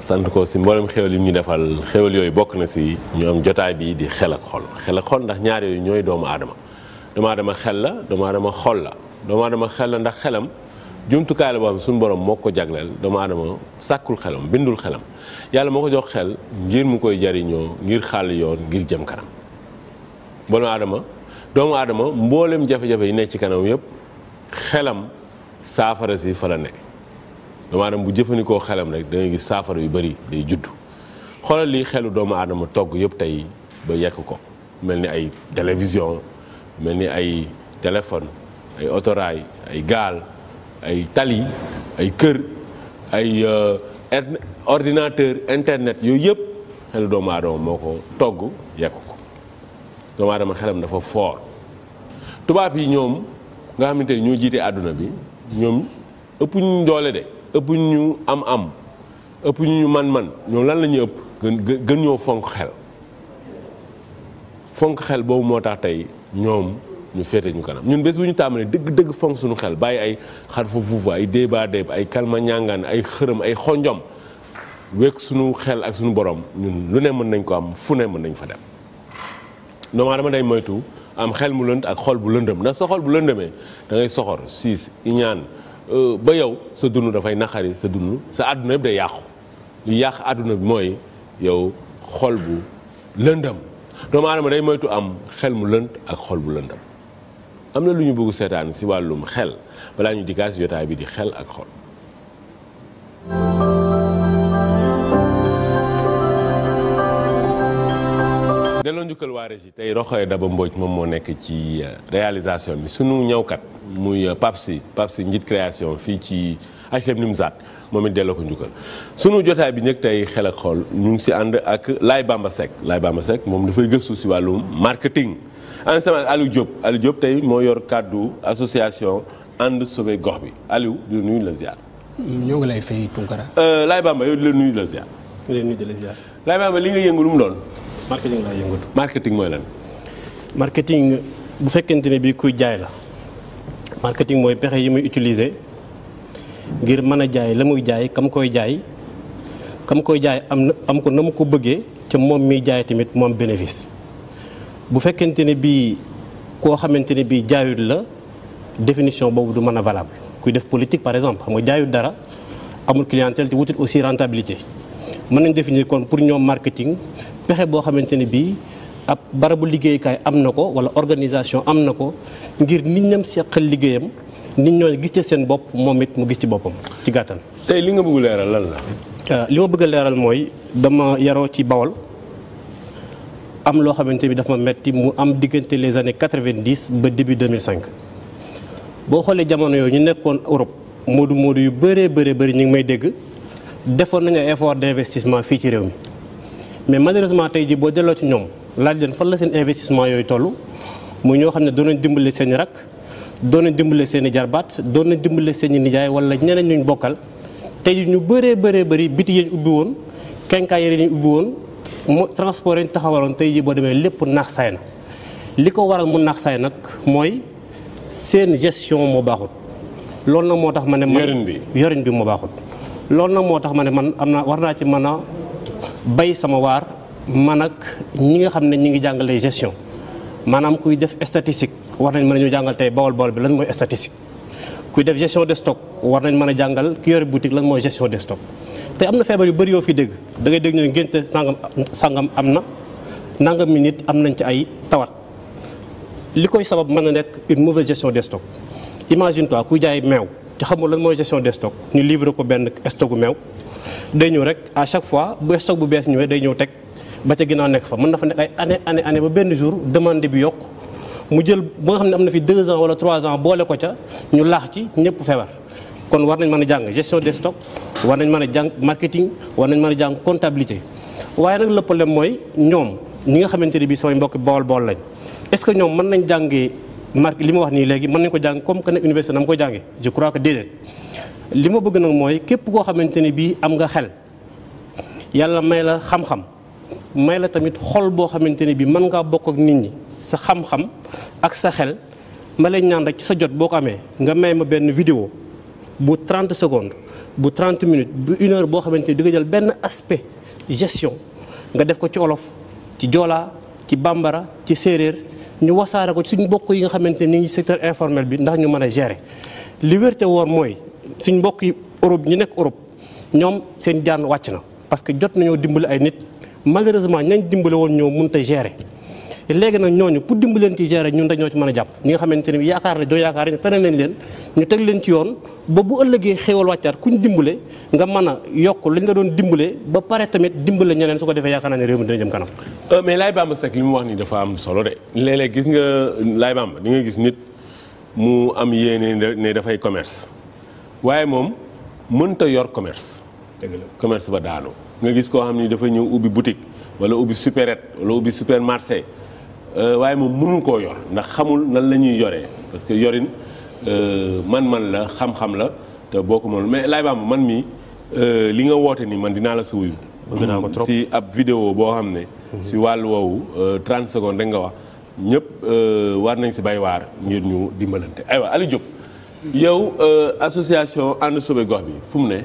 sant ko si mboolem xéwal yi ñu defal xéwal yooyu bokk na si ñoom jotaay bii di xel ak xol xel ak xol ndax ñaar yooyu ñooy doomu aadama doomu aadama xel la doomu aadama xol la doomu aadama xel la ndax xelam jumtukaay boo xam suñu borom moo ko jagleel doomu aadama sàkkul xelam bindul xelam yàlla moo ko jox xel ngir mu koy jariñoo ngir xàll yoon ngir jëm kanam doomu aadama doomu aadama mboolem jafe-jafe yi nekk ci kanam yëpp xelam saafara si fa la nekk damaa dem bu jëfandikoo xelam rek da gis saafara yu bëri day juddu xoolal li xelu doomu aadama togg yëpp tey ba yekk ko mel ni ay télévision mel ni ay téléphone ay otoraay ay gaal ay tali ay kër ay euh, ordinateur internet yooyu yëpp xelu doomu aadama moo ko togg yekk ko doomu aadama xelam dafa fort tubaab yi ñoom nga xamante ni ñoo jiite àdduna bi ñoom ëpp ñu doole de ëpp ñu am am ëpp ñu man man ñoom lan la ñuy ëpp gën gën ñoo fonk xel fonk xel boobu moo tax tey ñoom ñu féete ñu kanam ñun bés bu ñu tàmbalee dëgg dëgg fonk suñu xel bàyyi ay xar fa fuufa ay déeba déeb ay kalma ñàngaan ay xërëm ay xonjom wekk suñu xel ak suñu borom ñun lu ne mën nañ ko am fu ne mën nañ fa dem doomu aadama day moytu am xel mu lënd ak xol bu lëndëm ndax sa xol bu lëndëmee da ngay soxor siis iñaan Euh, ba yow sa dund dafay naqari sa dund sa àdduna yëpp day yàqu li yàq àdduna bi mooy yow xol bu lëndam doomu adama day moytu am xel mu lënd ak xol bu lëndam am na lu ñu bugg seetaan si wàllum xel balaa ñu dikkaas yotaay bi di xel ak xol delloo njukkal waa Régie tey Roxoy Daba Mbodj moom moo nekk ci euh, réalisation bi sunu ñëwkat muy Papsi euh, Papsi njit création fii ci HLM Nimzaat moom it delloo ko njukkal sunu jotaay bi nag tey xel ak xool ñu ngi si ànd ak lay Bamba Seck Laye Bamba Seck moom dafay gëstu si wàllum marketing en sama Aliou Diop Aliou Diop tey moo yor kàddu association ànd sauvé gox bi Aliou di nuyu la ziar. ñoo ngi lay fay Tunkara. Euh, Laye Bamba yow di la nuyu la ziar. di la nuyu la ziar. Laye li nga yëngu lu mu doon. marketing laa yëngatu. marketing mooy lan. marketing bu fekkente ne bii kuy jaay la marketing mooy pexe yi muy utiliser ngir mën a jaay la muy jaay kam koy jaay kam koy jaay am na am ko na mu ko bëggee ca moom miy jaay tamit moom bénéfice bu fekkente ne bii koo xamante ne bii jaayut la définition boobu du mën a valable kuy def politique par exemple xam nga jaayut dara amul clientèle te wutit aussi rentabilité mën nañ définir kon pour ñoom marketing. pexe boo xamante ni bii ab barabu liggéeykaay am na ko wala organisation am na ko ngir nit ñam seqal liggéeyam nit ñoo gis ci seen bopp moom it mu gis ci boppam ci gàttan tey li nga bëgg leeral lan la. Euh, li ma bëgg a leeral mooy dama yaroo ci Bawol am loo xamante ni dafa ma metti mu am diggante les années quatre-vingt-dix ba début 2005 boo xoolee jamono yooyu ñu nekkoon Europe moodu moodu yu bëree bëri bëri ñu ngi may dégg defoon nañu effort d'investissement fii ci réew mi. mais malheureusement tey jii boo delloo ci ñoom laaj leen fan la seen investissement yooyu toll muy ñoo xam ne doon nañ dimbale seen i rak doon nañ dimbale seen i jarbaat doon nañ dimbale seen i nijaay wala ñeneen ñuñ bokkal tey jii ñu bëree bëree bari biti yi ñu ubbi woon kenkaay yi ubbi woon mo transport yi taxawaloon tey jii boo demee lépp naax saay na li ko waral mu naax saay nag mooy seen gestion mu baaxut loolu nag moo tax ma ne man bi yorin bi moo baaxut am naa war naa bay sama waar man ak ñi nga xam ne ñi ngi jàngale gestion maanaam kuy def statistique war nañ mën a ñu jàngal tey bawol bawol bi lan mooy statistique kuy def gestion de stock war nañ mën a jàngal ki yore boutique lan mooy gestion de stock te am na feebar yu bëri yoo fi dégg dangay dégg ñu ne ngénte sàngam am na nangam mi nit am nañ ci ay tawat li koy sabab mën a nekk une mauvaise gestion des stocks imagine toi kuy jaay meew te xamul lan mooy gestion de stocks ñu livre ko benn stocku meew day ñëw rek à chaque fois bu stock bu bees ñëwee day ñëw teg ba ca ginnaaw nekk fa mën na fa nekk ay année année année ba benn jour demande bi yokk mu jël ba nga xam ne am na fi 2 ans wala trois ans boole ko ca ñu laax ci ñëpp feebar. kon war nañ mën a jàng gestion des stocks war nañ mën a jàng marketing war nañ mën a jàng comptabilité waaye nag le problème mooy ñoom ñi nga xamante ne bii samay mbokk bool bool lañ est-ce que ñoom mën nañ jàngee marque li ma wax nii léegi mën nañ ko jàng comme que ne na ma ko jàngee je crois que déedéet. li ma bëgg nag mooy képp koo xamante ne bii am nga xel yàlla may la xam-xam may la tamit xol boo xamante ne bii mën ngaa bokk ak nit ñi sa xam-xam ak sa xel ma lay naan rek ci sa jot boo ko amee nga may ma benn vidéo bu trente secondes bu trente minute bu une heure boo xamante ne di nga jël benn aspect gestion nga def ko ci olof ci joolaa ci bambara ci séeréer ñu wasaare ko ci suñu bokk yi nga xamante ni ngi secteur informel bi ndax ñu mën a gérer li wérte mooy. suñ mbokk yi Europe ñu nekk Europe ñoom seen jaan wàcc na parce que jot nañoo dimbali ay nit malheureusement ñañ dimbale woon ñoo mënut a gérer léegi nag ñooñu pour dimbali leen ci gérer dañoo ci mën a jàpp ñi xamante ne yaakaar ne doo yaakaar ne tere nañ leen ñu teg leen ci yoon ba bu ëllëgee xéewal wàccaat kuñ dimbale nga mën a yokk lañ la doon dimbale ba pare tamit dimbale ñeneen su ko defee yaakaar naa ne réew mi dina jëm kanam. Euh, mais Laye Bamba Seck li dafa am solo de léeg gis nga Laye Bamba di nga gis nit mu am yéene ne dafay commerce waaye moom mënta yor commerce. commerce ba daanu. nga gis koo xam ni dafa ñëw ubbi boutique wala ubbi supérette wala ubbi supermarché euh, waaye moom mënul koo yor ndax xamul nan la ñuy yoree parce que yorin euh, man-man la xam-xam la te boo ko mënul mais laay baam man mii euh, li nga woote ni man dinaa la si wuyu. bëgg naa ab vidéo boo xam ne. Mhm. si wàllu woowu 30 secondes rek nga wax ñëpp war nañ si bay waar ngir ñu dimbalante aywa Aliou Diop. yow euh, association ànd sauvé bi fu mu ne.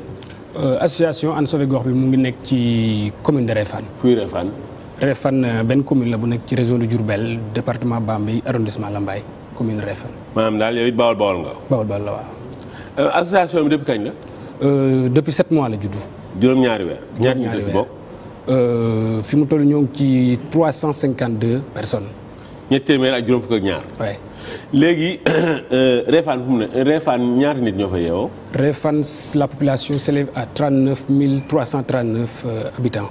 Euh, association ànd sauvé bi mu ngi nekk ci commune de Réfane. fuy Réfane. Réfane euh, benn commune la bu nekk ci région de Diourbel département Bambey arrondissement mbay commune Réfane. maanaam daal yow it bawol bawol nga. bawol bawol la waaw. association bi depuis kañ la. depuis sept mois la judd. juróom-ñaari weer. juróom-ñaari weer fi mu toll ñoo ci trois cent cinquante deux personnes. ñetti téeméer ak juróom fukk ak ñaar. léegi euh, Réfane fu mu ne Réfane ñaata nit ñoo fa yeewoo. Réfane la population s'élève à trente neuf mille trois cent trente neuf euh, habitants.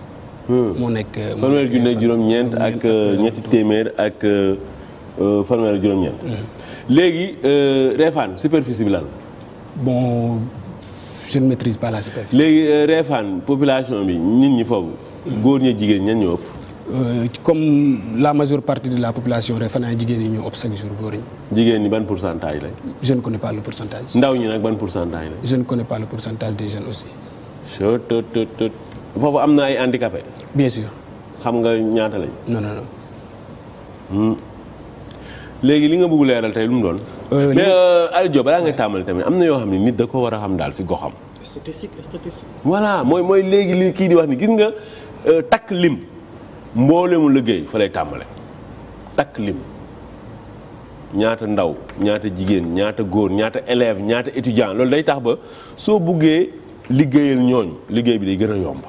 Hmm. moo nekk fanweer junne juróom-ñeent ak euh, ñetti téeméer ak fanweer juróom-ñeent. Hmm. léegi Réfane superficie bi lan. bon je ne maîtrise superficie. léegi Réfane population bi nit ñi foofu. Hmm. góor ñi jigéen ñan ñoo ëpp. Euh, comme la majeure partie de la population Refane jigéen ñi ñoo ëpp chaque jour góor ñi. jigéen ñi ban pourcentage la. je ne connais pas le pourcentage. ndaw ñi nag ban pourcentage la. je ne connais pas le pourcentage des jeunes aussi. je te te te foofu am na ay handicapés. bien sûr. xam nga ñaata lañ. non non non. Hmm. léegi li nga bëgg leeral tey lu mu doon. Euh, mais euh, Aliou Diop balaa nga tàmbali tamit am na yoo xam ne nit da ko war a xam daal si goxam. statistique statistique. mooy mooy léegi li kii di wax ni gis nga takk lim. mbooleemu liggéey fa lay tàmbale takk lim ñaata ndaw ñaata jigéen ñaata góor ñaata élève ñaata étudiant loolu day tax ba soo buggee liggéeyal ñooñu liggéey bi day gën a yomb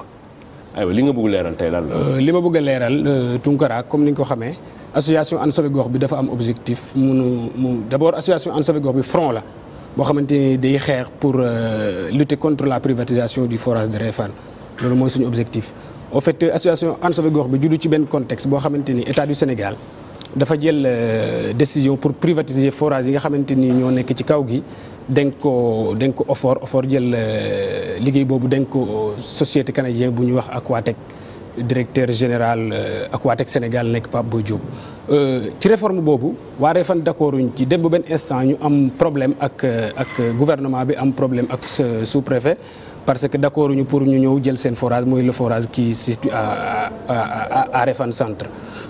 aywa li nga bugg leeral tey lan la. Euh, li ma bugg a leeral euh, Tunkara comme ni nga ko xamee association And Sauvé bi dafa am objectif munu mu d'abord association And Sauvé bi front la boo xamante ni day xeex pour euh, lutter contre la privatisation du forage de Réfane loolu mooy suñu objectif. en fait euh, association And Sauvé Gox bi juddu ci benn contexte boo xamante ni état du Sénégal dafa jël euh, décision pour privatiser forage yi nga xamante ni ñoo nekk ci kaw gi dénk ko dénk ko OFOR OFOR jël euh, liggéey boobu dénk ko société canadienne bu ñuy wax Aquatec directeur général Aquatec Sénégal nekk Pape Boy Diop ci réforme boobu waa Réfane d'accord uñ ci dem bu benn instant ñu am problème ak ak gouvernement bi am problème ak sous-préfet parce que d' accord ñu pour ñu ñëw jël seen forage mooy le forage qui situe à à centre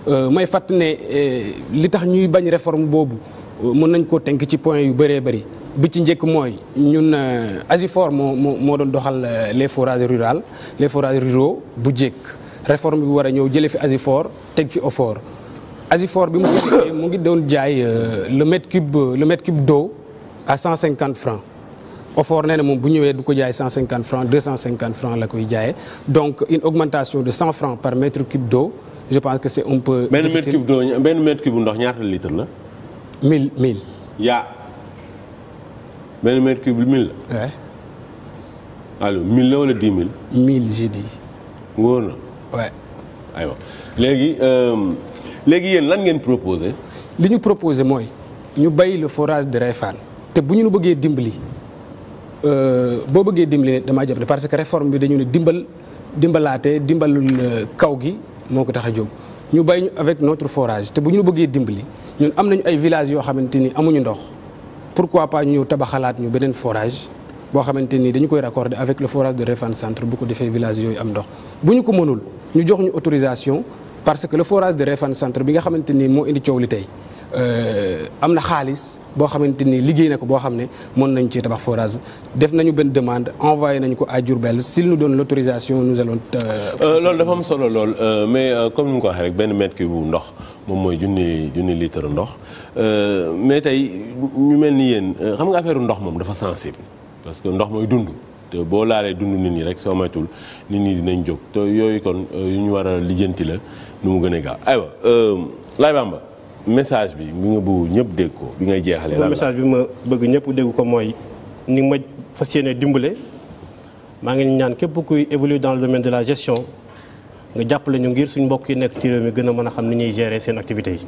euh, may fàtt ne euh, li tax ñuy bañ réforme boobu euh, mën nañ ko tënk ci point yu bëree bëri bi ci njëkk mooy ñun ASUFOR moo moo moo doon doxal les forage rural les forages ruraux bu jëkk réforme bi war a ñëw jëlee fi ASUFOR teg fi OFOR ASUFOR bi mu ngi doon jaay le mètre cube le met cube d'eau à 150 francs Ofor nee moom bu ñëwee du ko jaay 150 francs 250 francs la koy jaayee donc une augmentation de 100 francs par mètre cube d'eau je pense que c'est un peu. benn mètre cube d'eau benn mètre cube ndox ñaata litre la. 1000 1000. yaa benn mètre cube 1000 la. waaw. allo mil la wala 10 000. 1000 j'ai dit. wóor na. léegi euh, léegi yéen lan ngeen proposé. li ñu proposé mooy ñu bàyyi le forage de Réfane te bu ñu bëggee dimbali. Euh, boo bëggee dimbali nit damaa jàpp ne parce que réforme bi dañu ne dimbal dimbalaate dimbalul euh, kaw gi moo ko tax a jóg ñu bay ñu avec notre forage te bu ñu bëggee dimbali ñun am nañu ay villages yoo xamante ni amuñu ndox pourquoi pas ñu xalaat ñu beneen forage boo xamante ni dañu koy raccorder avec le forage de Réfane Centre bu ko defee village yooyu am ndox bu ñu ko mënul ñu jox ñu autorisation parce que le forage de Réfane Centre bi nga xamante ni moo indi coow li tey Euh, am na xaalis boo xamante ni liggéey na ko boo xam ne mën nañ ci tabax forage def nañu benn demande envoyé nañu ko à Diourbel s'il nous donne l'autorisation nous allons. Euh, euh, loolu dafa am solo lool mais comme ni nga ko waxee rek benn mètre cube bu ndox moom mooy junni junni litre ndox mais tey ñu mel ni yéen xam nga affaire ndox moom dafa sensible parce que ndox mooy dund. te boo laalee dund nit ñi rek soo moytul nit ñi dinañ jóg te yooyu kon yu ñu war a lijjanti la nu gën a gaaw aywa laay bamba message bi mu nga bëgg ñëpp dégg ko bi ngay jeexalee. lan message bi ma bëgg ñëpp dégg ko mooy ni ma fas yéene dimbale maa ngi ñaan képp kuy évoluer dans le domaine de la gestion nga jàppale ñu ngir suñ mbokk yi nekk ci réew gën a mën a xam ni ñuy gérer seen activité yi.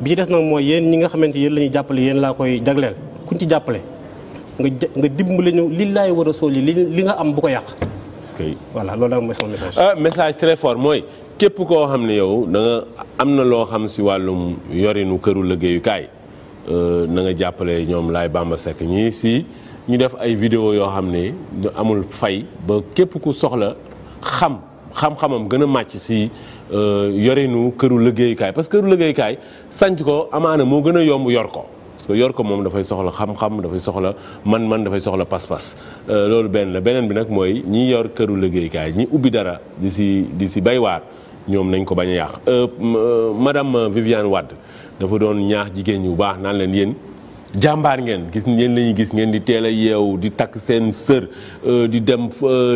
bi ci des nag mooy yéen ñi nga xamante yéen lañuy jàppale yéen laa koy jagleel kuñ ci jàppale nga nga dimbale ñu li war a sool yi li li nga am bu ko yàq. voilà loolu daal mooy ah, mooy képp koo xam ne yow da am na loo xam si wàllum yorinu këru liggéeyukaay euh, na nga jàppale ñoom laay Bamba Seck ñii si ñu def ay vidéo yoo xam ne ñu amul fay ba képp ku soxla xam xam gën a màcc si euh, yorinu këru liggéeyukaay parce que këru liggéeyukaay ko amaana moo gën a yomb yor ko. yor ko moom dafay soxla xam-xam dafay soxla man-man dafay soxla pas-pas euh, loolu benn beneen bi nag mooy ñi yor këru liggéeykaay ñi ubbi dara di si di si baywaar ñoom nañ ko bañ a yàq euh, euh, madame euh, Viviane Wade dafa doon ñaax jigéen ñu baax naan leen yéen jàmbaar ngeen gis ngeen la gis ngeen di teel a yeew di takk seen sër di dem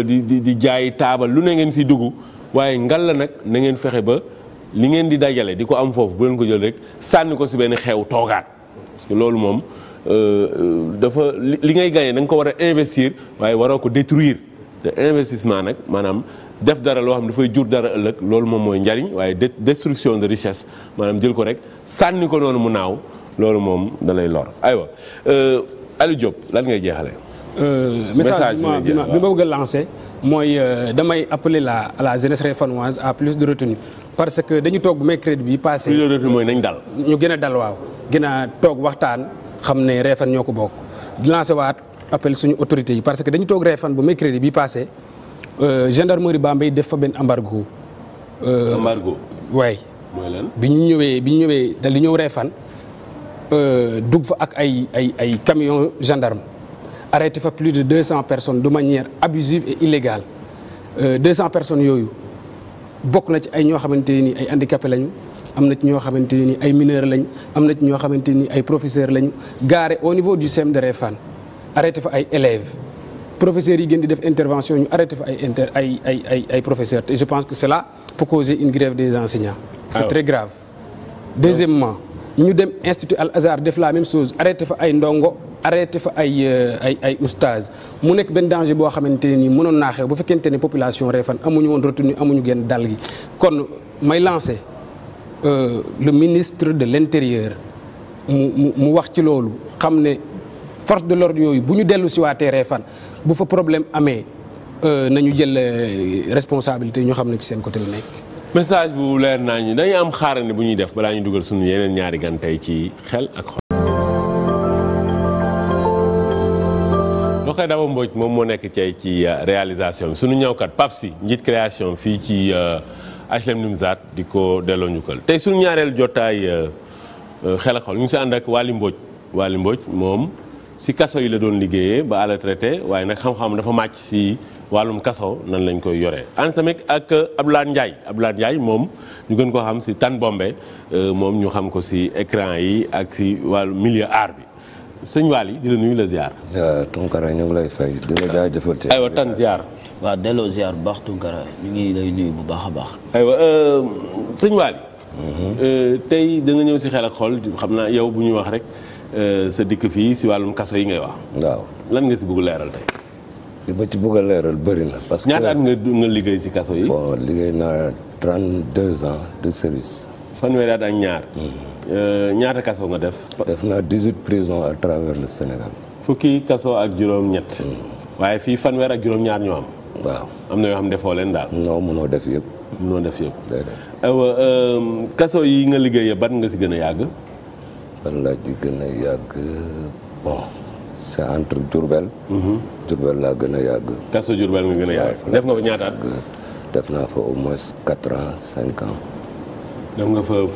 di di di jaay taabal lu ne ngeen si dugg waaye ngal la nag na ngeen fexe ba li ngeen di dajale di ko am foofu bu leen ko jël rek sànni ko si benn xew toogaat parce loolu moom dafa li ngay gagné da ko war a investir waaye waroo ko détruire te investissement nag maanaam def dara loo xam dafay jur dara ëllëg loolu moom mooy njariñ waaye destruction de richesse maanaam jël ko rek sànni ko noonu mu naaw loolu moom da lay lor aywa euh, Aliou Diop lan ngay jeexale euh, message bi ma bëgg a lancé mooy euh, damay appeler la à la à plus de retenue que dañu toog bu mercredi bi passé plus de retenue mooy nañ dal ñu gën a dal waaw gën a toog waxtaan xam ne Réfane ñoo ko bokk lancé waat appel suñu autorités yi parce que dañu toog Réfane bu mercredi bi passé Euh, gendarmerie Bambey def fa benn embargo. Euh, embargo waay. mooy lan bi ñu ñëwee bi ñu ñëwee dal di ñëw Réfane euh, dugg fa ak ay ay ay camion gendarme arrêté fa plus de deux cent personnes de manière abusive et illégale deux cent personnes yooyu bokk na ci ay ñoo xamante ni ay handicapé lañu. am na ci ñoo xamante ni ay mineurs lañ am na ci ñoo xamante ni ay professeurs lañu garé au niveau du CEM de Réfane arrêté fa ay élèves professeurs yi gën di def intervention ñu arrêté fa ay inter ay ay ay ay je pense que cela peut causer une grève des enseignants. c'est ah. très grave. deuxièmement ñu dem institut Al Azhar def la même chose arrêté fa ay ndongo arrêté fa ay euh, ay ay oustaz mu nekk benn danger boo xamante nii mënoon naa xew bu fekkente ne population Réfane amuñu woon retenu amuñu genn dal gi kon may lancé euh, le ministre de l'intérieur mu mu mu wax ci loolu xam ne force de l'ordre yooyu bu ñu dellu si waatee Réfane bu fa problème amee euh, nañu jël euh, responsabilité ñu xam ne ci seen côté la nekk. message bu leer naa ñu dañuy am xaarandi bu ñuy def balaa ñu dugal suñu yeneen ñaari gante tey ci xel ak xol. doxee Daba moom moo nekk tey ci euh, réalisation suñu ñëwkat Pape Sy njiit création fii ci HLM Nimzaat di ko delloo njukkal tey suñu ñaareel jotaay xel ak xol ñu ngi si ànd ak Waly Mbodj Waly Mbodj moom. si casso yi la doon liggéeyee ba à traité waaye nag xam-xam dafa màcc si wàllum kaso nan lañ koy yoree. ànd samit ak Abdoulaye Ndiaye Abdoulaye moom ñu gën ko xam si Tan Bombe euh, moom ñu xam ko si écran yi ak si wàllu milieu art bi. sëñ waal yi la nuyu la ziar. waaw euh, Tunkara ñu ngi lay fay di la jaajëfal. aywa Tan ziar. waaw delloo ziar bu baax Tunkara ñu ngi lay nuyu bu baax a baax. aywa euh, sëñ Waly. Mhm. tey da ñëw si xel ak xol xam naa yow bu ñuy wax rek. Euh, sa dikk fii si wàllum kaso yi ngay wax. waaw lan nga si bugg leeral tey. li ma ci bugg leeral bëri na. parce que ñaata at nga nga liggéey si kaso yi. bon liggéey naa 32 ans de service. fanweeri at ak ñaar. Mm. Euh, ñaata kaso nga def. def naa 18 prisons ak travers le Sénégal. fukki kaso ak juróom-ñett. Mm. waaye fii fanweer ak juróom-ñaar ñoo am. waaw am na yoo xam defoo leen daal. non mënoo def yëpp. mënoo def yëpp. aywa euh, kaso yi nga liggéey ban nga si gën a yàgg. fan laa ci gën a bon est entre Diourbel. Diourbel mhm. laa gën a yàgg. kaso Diourbel nga gën a def naa fa au moins quatre ans cinq ans.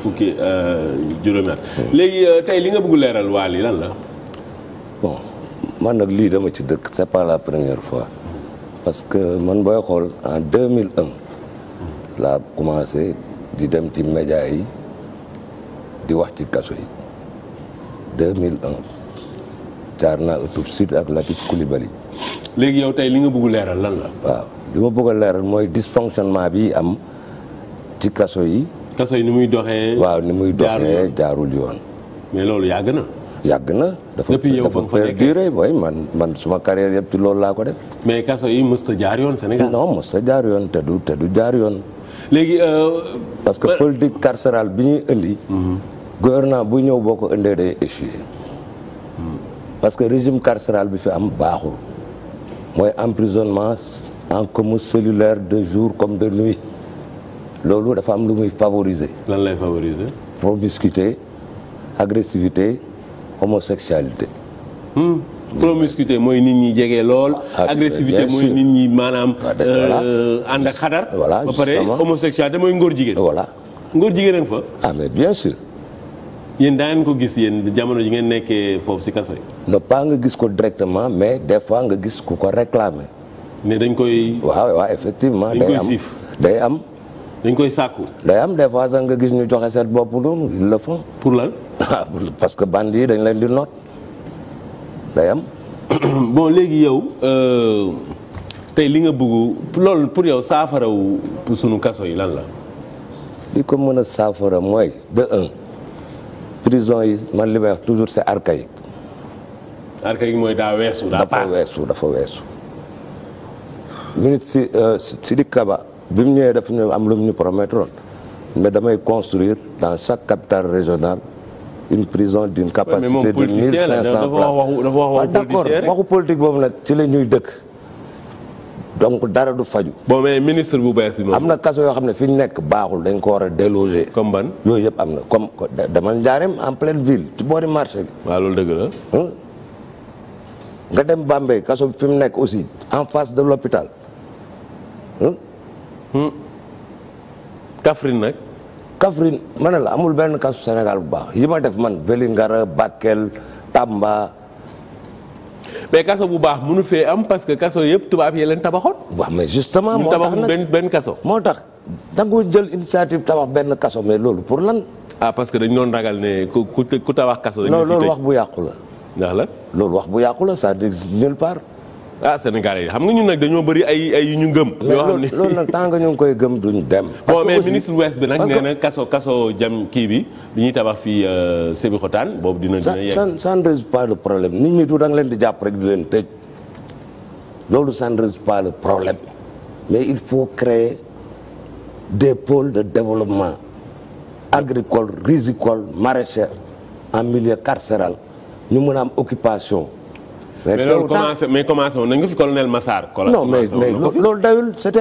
fukki euh, juróomi at. léegi euh, tey li bëgg leeral lii lan la. bon man nag lii dama ci dëkk c' première fois. parce que man booy xool en deux mille un commencé di dem ci média yi di wax ci kaso yi. 2001 jaar naa ëttub Sud ak Latif Coulibaly. léegi yow tey li nga bëgg leeral lan la. waaw li ma bëgg a leeral mooy dysfonctionnement bi am ci kaso yi. kaso yi ni muy doxee. waaw ni muy doxee jaarul yoon. mais loolu yàgg na. yàgg na dafa dafa perdurer booy man man suma carrière yëpp ci loolu laa ko def. mais kaso yi mës ta jaar yoon Sénégal. non mës ta jaar yoon te du te du jaar yoon. léegi. Euh, parce que politique carcérale bi ñuy indi. Mhm. gouvernement bu ñëw boo ko indee day échoué parce que régime carcéral bi fi am baaxul mooy emprisonnement en comme cellulaire de jour comme de nuit loolu dafa am lu muy favoriser. lan lay favoriser. promiscuité agressivité homosexualité. Hmm. promiscuité mooy nit ñi jege lool. Ah, agressivité mooy nit ñi maanaam. Ah, euh, ànd ak xadar. voilà ba pare homosexualité mooy ngóor jigéen. voilà ngóor jigéen a fa. ah bien sûr. yéen daa ngeen ko gis yéen jamono ji ngeen nekkee foofu si kaso yi. non pas nga gis ko directement mais des fois nga gis ku ko réclamer. ne dañ koy. waaw waaw effectivement. day am day am. dañ koy sàkku. day am des fois sax nga gis ñu joxe seen bopp noonu ils le font. pour lan. Ah, parce que band yi dañ leen di noot day am. bon léegi yow euh, tey li nga bëgg loolu pour yow saafarawu sunu kaso yi lan la. li ko mën a saafara mooy de un. prison yi man li may wax toujours c'est archaïque. archaïque mooy daa weesu. daa dafa weesu dafa weesu. si euh, di Kaba bi mu ñëwee daf ñu am lu mu ñu promettre mais damay construire dans chaque capitale régionale une prison d'une capacité de 1500 places. waaw d'accord waxu politique boobu nag ci la ñuy dëkk. donc dara du faju bon mais ministre bu bees bi am na kaso yoo xam ne fi ñu nekk baaxul dañ ko war a déloger. comme ban yooyu yëpp am na comme dama njaareem en pleine ville ci boori marché bi. waaw loolu dëgg la. nga dem Bambey kaso fi mu nekk aussi en face de l'hôpital hmm. Kaffrine nag. Kaffrine ma la amul benn kasu Sénégal bu baax yi ma def man Vélingara Bakel Tamba. mais kaso bu baax mënu fee am parce que kaso yëpp tubaab yi leen tabaxoon. waaw mais justement moo tax benn benn kaso. moo tax dangoo jël initiative tabax benn kaso mais loolu pour lan. ah parce que dañu doon ragal ne ku ku tabax kaso. dañu non loolu wax bu yàqu la. ndax la loolu wax bu yàqu la c'est-à-dire nulle part. ah Sénégalais yi xam nga ñu nag dañoo bëri ay ay ñu gëm. loolu nag tant que ñu ngi koy gëm duñ dem. bon mais ministre ouest bi nag nee na kaso kaso jam kii bi bi ñuy tabax fii euh, Sébikotane boobu dina dina yegg. ça ça ne nit ñi du da leen di jàpp rek di leen tëj loolu ça ne résout pas le problème mais il faut créer des pôles de développement agricole risicole maraîcher en milieu carcéral ñu mun a am occupation. mais loolu commencé mais commencé woon nañ ko fi colonel Massar. non mais mais loolu dayul c'était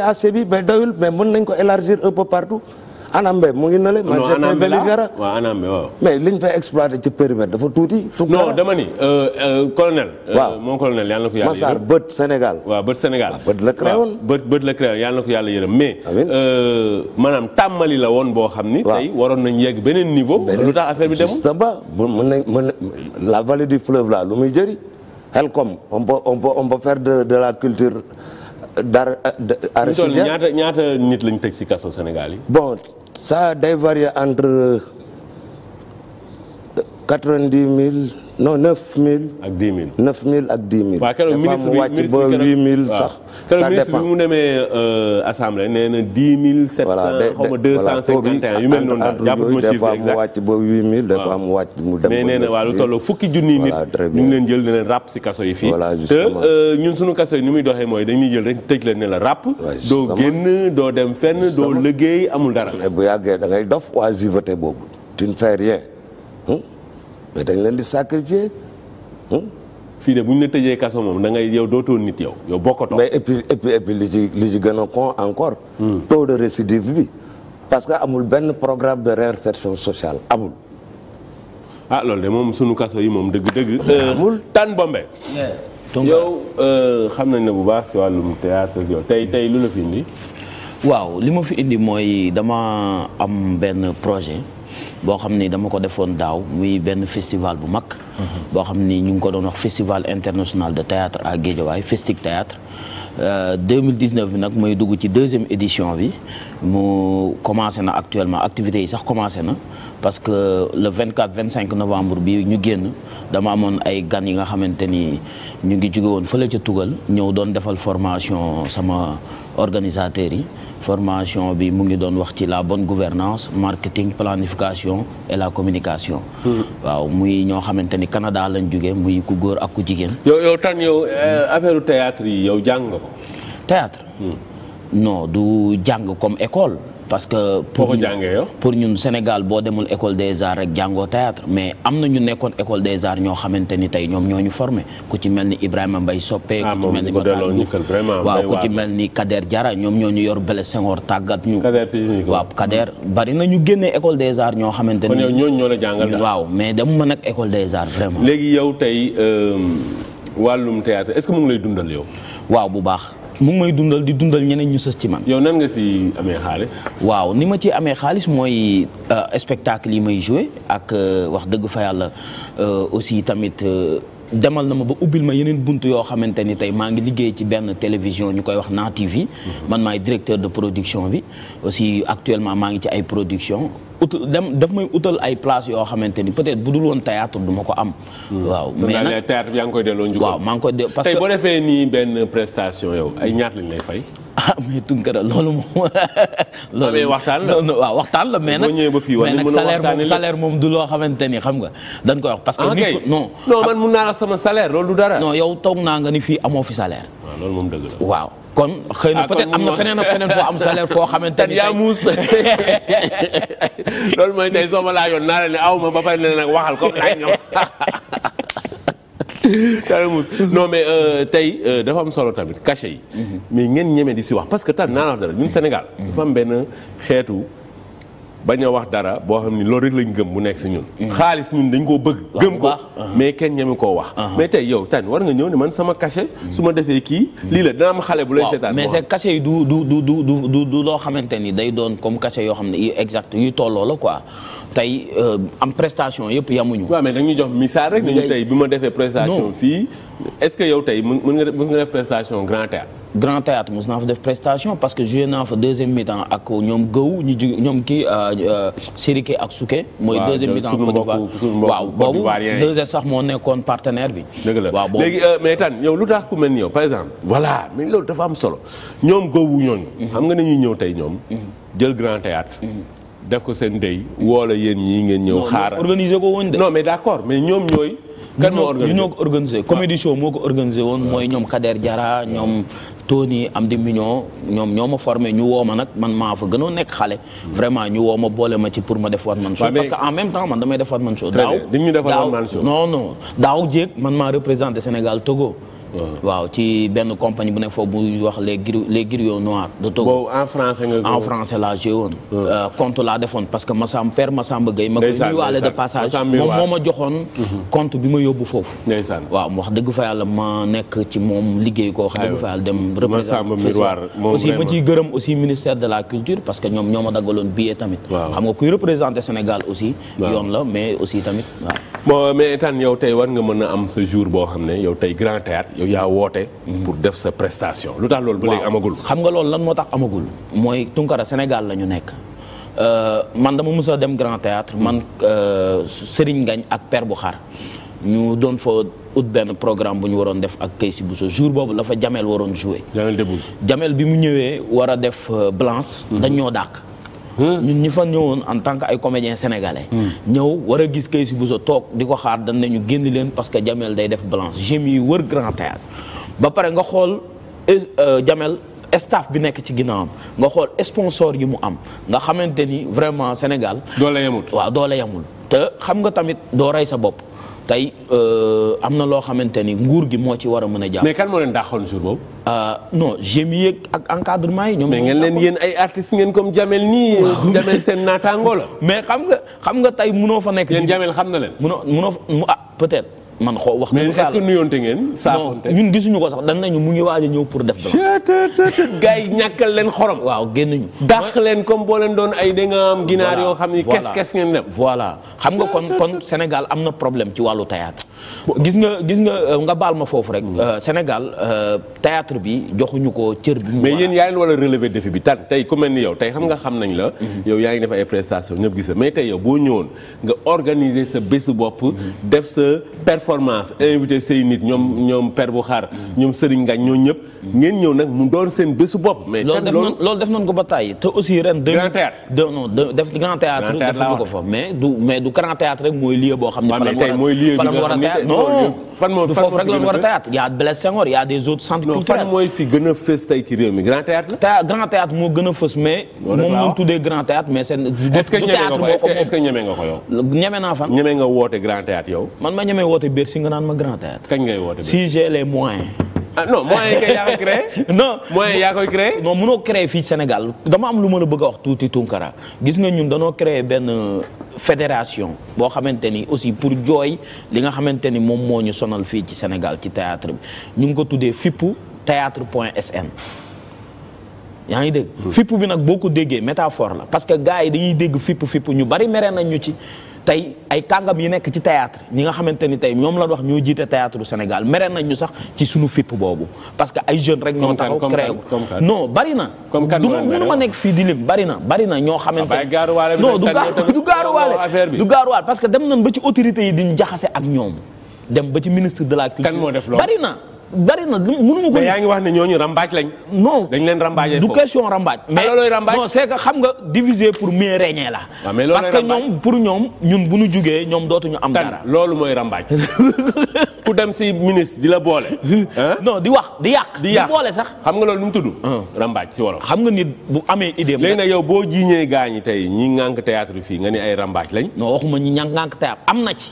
dafa tuuti. Tounkara non dama ni euh, euh, colonel. Euh, waaw mon colonel yàlla na ko yàlla yërëm. waaw bët Sénégal waaw bët ah, la créé woon. bët bët yàlla ko yàlla yërëm mais. maanaam tàmmali la woon boo xam ni. waaw tey waroon nañ yegg beneen niveau. lu tax affaire bi demul. justement mën nañ la vallée du fleuve là lu muy jëri Helcom on peut on peut de la culture d'ar arachidière ñaata ñaata nit lañ teg si kaso Sénégal yi. bon ça day varier entre mille. non 9000. ak 10 000 9000 ak 10 000. waaw keroog ministre bi wàcc ba 8000 mu demee euh, assemblée nee na 10 700. voilà de de voilà taux bi entre yooyu des mu wàcc ba 8000. des fois mu wàcc mu dem ba mais nee na waa lu tolloo fukki junniy nit. ñu ngi leen jël ne leen ràpp si kaso yi fii. voilà justement te euh, ñun sunu kaso yi ni muy doxee mooy dañuy jël rek tëj la ne la ràpp. doo génn doo dem fenn doo liggéey amul dara. mais bu yàggee da ngay dof oisiveté boobu tu ne mais dañ leen di sacrifier. fii de bu ñu la tëjee kaso moom da ngay yow dootoon nit yow yow bokkatoo. mais et puis gën a con encore. Hmm. taux de récidive bi. parce que amul benn programme de réinsertion sociale amul. ah de moom sunu kaso yi moom dëgg-dëgg. Euh, amul Tane Bombe. yow euh, xam nañ ne bu baax si wàllum théâtre yow tey tey lu la fi indi. waaw li ma fi indi mooy dama am benn projet. boo xam ni dama ko defoon daaw muy benn festival bu mag. boo xam ni ñu ngi ko doon wax festival international de théâtre à Guédiawaye Festic Théâtre. 2019 euh, bi nag mooy dugg ci deuxième édition bi mu commencé na actuellement activités yi sax commencé na parce que le 24 25 novembre bi ñu génn dama amoon ay gan yi nga xamante ni ñu ngi jóge woon fële ca tugal ñëw doon defal formation sama organisateurs yi. formation bi mu ngi doon wax ci la bonne gouvernance marketing planification et la communication. Hmm. waaw muy ñoo xamante ni Canada lañ jógee muy ku góor ak ku jigéen. yow yow tan yow eh, affaire théâtre yi yow jàng nga théâtre hmm. non du jàng comme école. parce que. pour pour ñun Sénégal boo demul école des arts rek jàngoo théâtre mais am na ñu nekkoon école des arts ñoo xamante ni tey ñoom ñoo ñu formé ku ci mel ni Ibrahima Mbaye Soppe. ku ci ah, mel ni Matar Diouf waaw ku ci mel ni Kader jara ñoom ñoo ñu yor Blaise Senghor tàggat ñu. waaw Kader bari na ñu génnee école des arts ñoo xamante ni. kon yow ñoo la jàngal waaw mais ma nag école des arts vraiment. léegi yow tey euh, wàllum théâtre est-ce que mu lay dundal yow. waaw bu baax. mu ngi may dundal di dundal ñeneen ñu sës ci man. yow nan nga si amee xaalis. waaw ni ma ci amee xaalis mooy euh, spectacle yi may joué ak euh, wax dëgg fa yàlla euh, aussi tamit. demal na ma ba ubbil ma yeneen bunt yoo xamante ni tey maa ngi liggéey ci benn télévision ñu koy wax Nan TV mhm. man maay directeur de production bi aussi actuellement maa ngi ci ay production ut dem daf may utal ay place yoo xamante ni peut-être bu dul woon théâtre du ma ko am mhm. waaw mais nag théâtre yaa ngi koy delloo njukkal waaw maa ngi koy delloo parce que tey boo defee nii benn prestation yow ay ñaar lañ lay fay ah mais Tunkara loolu moom. loolu ah, waxtaan la waxtaan la mais nag. mais nag salaire moom moom du loo xamante ni xam nga dañ koy wax. parce que ah, nit ah. man mun naa la sama salaire loolu du dara. non yow toog naa nga ni fii amoo fi salaire. waaw loolu moom dëgg waaw. kon xëy na peut-être am na feneen ak feneen foo am salaire foo xamante ni yaa muus loolu mooy tey soo ma laajoon naa la ne aw ma ba pare ne nag waxal comme ay ñoom. non mais euh, tey euh, dafa am solo tamit cachet yi. mais ngeen ñeme di si wax parce que tan naa wax dara ñun Sénégal. dafa am benn xeetu bañ a wax dara boo xam ni loolu rek lañu gëm bu nekk si ñun. xaalis ñun dañ koo bëgg. gëm ko mais kenn ñeme koo wax. mais tey yow tan war nga ñëw ne man sama kache su ma defee kii lii la dina am xale bu lay seetaan. mais c'est cachet yi du du du du du du loo xamante ni day doon comme cachet yoo xam ne i exact yu tolloo la ko tey euh, am prestation yëpp yamuñu. waaw mais dañuy jox misaal rek. dañu tey bi ma defee prestation. fii est-ce que yow tey mën nga mën nga def prestation grand théâtre grand théâtre naa fa def prestation parce que joué naa fa deuxième mi ak ñoom gëw ñu ñoom kii euh, euh, Sirike ak Souké. mooy deuxième mi-temps Côte d'Ivoire waaw boobu deux sax moo nekkoon bi. dëgg la waaw boobu léegi mais tan yow lu tax ku mel ni par exemple. voilà mais loolu dafa am solo ñoom gëwu ñooñu. Mhm. xam nga ñuy ñëw tey ñoom. Mhm. jël grand théâtre mhm. def ko seen ndey woola yéen ñii ngeen ñëw. xaaral organiser ko woon de. non mais d'accord mais ñoom ñooy. kan moo organisé ñoo ko organisé ah. moo ko organisé woon ah. mooy ñoom Kader jara ñoom Tony Amdi Mignon ñoom ñoo ma formé ñu woo ma nag man maa fa gënoon nekk xale. Hmm. vraiment ñu woo ma boole ma ci pour ma def one man show. parce que en même temps man damay def one man show. daaw daaw non non daaw jéeg man maa représenté Sénégal Togo. waaw ci benn compagnie bu nekk foofu bu wax les gri les griots noirs de Togo. boobu en français nga en français laa joué woon. Euh, laa defoon parce que Massamba père Massamba Gueye. ma ko nuyuwaale de passage moom moo ma joxoon. Mhm. compte bi ma yóbbu foofu. ndeysaan waaw wax dëgg fa yàlla ma nekk ci moom liggéey ko wax dëgg fa yàlla dem. Massamba miroir moom aussi ma ciy gërëm aussi ministère de la culture parce que ñoom ñoo ma daggaloon billet tamit. xam nga kuy représenter Sénégal aussi. yoon la mais aussi tamit moo mais Ethan yow tey war nga mën a am sa jour boo xam ne yow tey grand théâtre yow yaa woote. pour def sa prestation lu tax loolu. ba léegi amagul xam nga loolu lan moo tax amagul. mooy Tunkara Sénégal la ñu nekk. Euh, man dama mës a dem grand théâtre man euh, Serigne ngañ ak Père bu xar ñu doon fa ut benn programme bu ñu waroon def ak Kaysi Bousso jour boobu la fa jameel waroon jouer Jamel Debbouze Jamel bi mu ñëwee war a def euh, Blanche. Mm-hmm. dañ ñoo dàq. ñun ñi fa ñëwoon en tant que ay comédien sénégalais. Hmm. ñëw war a gis Kayz Bousso toog di ko xaar dañ ne ñu génn leen parce que Jamel day def balance jeunes yi wër grand théâtre ba pare nga xool euh, Jamel. staff bi nekk ci ginnaawam nga xool sponsor yi mu am nga xamante ni vraiment Sénégal. doole yamul waaw doole yamul te xam nga tamit doo rey sa bopp. tey euh, am na loo xamante ni nguur gi moo ci war a mën a jàpp. mais kan moo leen dàqoon jour boobu. Euh, non GMI yeeg ak encadrement yi. ñoom mais ngeen leen yéen ay artistes ngeen comme Jamel nii. Jamel seen naataangoo la. mais xam nga xam nga tey munoo fa nekk. yéen jameel xam na leen. munoo munoo fa ah peut-être. man xoo wax. mais est-ce que nuyoonte ngeen. saafonte ñun gisuñu ko sax dan nañu mu ngi waaj a ñëw pour def. dama gars yi ñàkkal leen xorom. waaw génn ñu. leen comme boo leen doon ay da nga am. ginaar yoo xam ni kes kes ngeen dem. voilà xam nga kon kon Sénégal am na problème ci wàllu théâtre gis nga gis nga euh, nga baal ma foofu rek. Mm-hmm. Euh, Sénégal euh, théâtre bi joxuñu ko cër bi. mu mais yéen yaa leen war a relever défi bi tan tey ku mel ni yow tey xam nga mm-hmm. xam nañ la. Mm-hmm. yow yaa ngi def ay prestations ñëpp gis mais tey yow boo ñëwoon nga organiser sa bésu bopp def sa performance invité say nit ñoom per bu xaar ñoom sëriñ ngañ ñoo ñëpp ngeen ñëw nag mu doon seen bésu bopp mais def nañ ko ba tàyyi te aussi ren grand grand théâtre def du mais du grand théâtre mooy lieu boo xam ne a fan moo foofu rek la war a théâtre fan mooy fi gën fës tey ci réew mi grand théâtre grand théâtre moo gën fës mais moom moo tuddee grand théâtre mais seen du théâtre moo ko moom ñeme naa fan ñeme nga woote grand théâtre yow man ma ñeme woote Bercy nga naan ma grand théâtre ngay woote si j'ai les moyens. ah non moyens yi kay yaa koy créé. non moyens yaa koy fii Sénégal dama am lu ma la bëgg a wax tuuti Tunkara gis nga ñun danoo créer benn euh, fédération boo xamante ni aussi pour jooy li nga xamante ni moom moo ñu sonal fii ci Sénégal ci théâtre bi ñu ngi ko tuddee fippu théâtre point sn. yaa ngi dégg. Hmm. fipp bi nag boo ko déggee métaphore la parce que gars yi dañuy dégg fipp fipp ñu bari mere nañ ñu ci. tey ay kàngam yi nekk ci théâtre ñi nga xamante ni tey ñoom la wax ñoo jiite théâtre du Sénégal mere nañ ñu sax ci suñu fipp boobu parce que ay jeunes rek ñoo taxaw créé non bari na du mënu ma nekk fii di lim na bari na ñoo xamante ni ah, non du gaaruwaale du gaaruwaale parce que dem nañ ba ci autorité yi diñ jaxase ak ñoom dem ba ci ministre de la culture bari na bari na mënuma ko. mais yaa ngi wax ne ñooñu rambaaj lañ. non dañ leen rambaajee foofu du question rambaaj. mais loolooy rambaaj non c'est que xam nga diviser pour mieux régner la. parce que ñoom pour ñoom ñun bu ñu jugee ñoom dootuñu am dara. loolu mooy rambaaj. ku dem si ministre di la boole. non di wax di yàq. di yàq di boole sax. xam nga loolu nu mu tudd. Ah. rambaaj si wolof. xam nga nit bu amee idée. léegi na yow boo jiiñee gaañi tey ñi ngànk théâtre fii nga ni ay rambaaj lañ. non waxuma ñi ñànk ngànk théâtre am na ci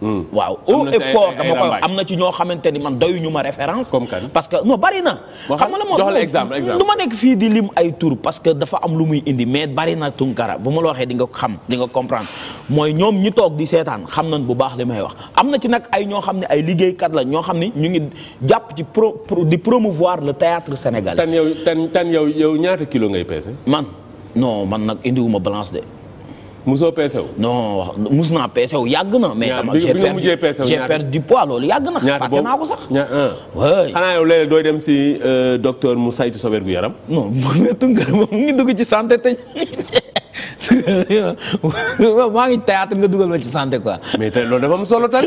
Hmm. waaw haut oh, et dama koy am na ci ñoo xamante ni man doyuñu ma référence. comme kan parce que non bari na. xam nga la moo jox exemple ma nekk fii di lim ay tur parce que dafa am lu muy indi mais bari na Tunkara bu ma la waxee di nga xam dinga nga comprendre mooy ñoom ñi toog di seetaan xam nañ bu baax li may wax. am na ci nag ay ñoo xam ne ay liggéeykat la ñoo xam ni ñu ngi jàpp ci pro di promouvoir le théâtre sénégal tan yow tan tan yow yow ñaata kilo ngay peese. man non man nag indiwuma balance de. musoo peese wu. non wax mus naa peese wu yàgg na. mais dama j'ai perdu j'ai perdu ñaata fàtte naa dooy dem si euh, docteur mu saytu sa wérgu yaram. non mais ci santé maa ngi théâtre nga dugal ma ci santé quoi. mais tey loolu dafa am solo tan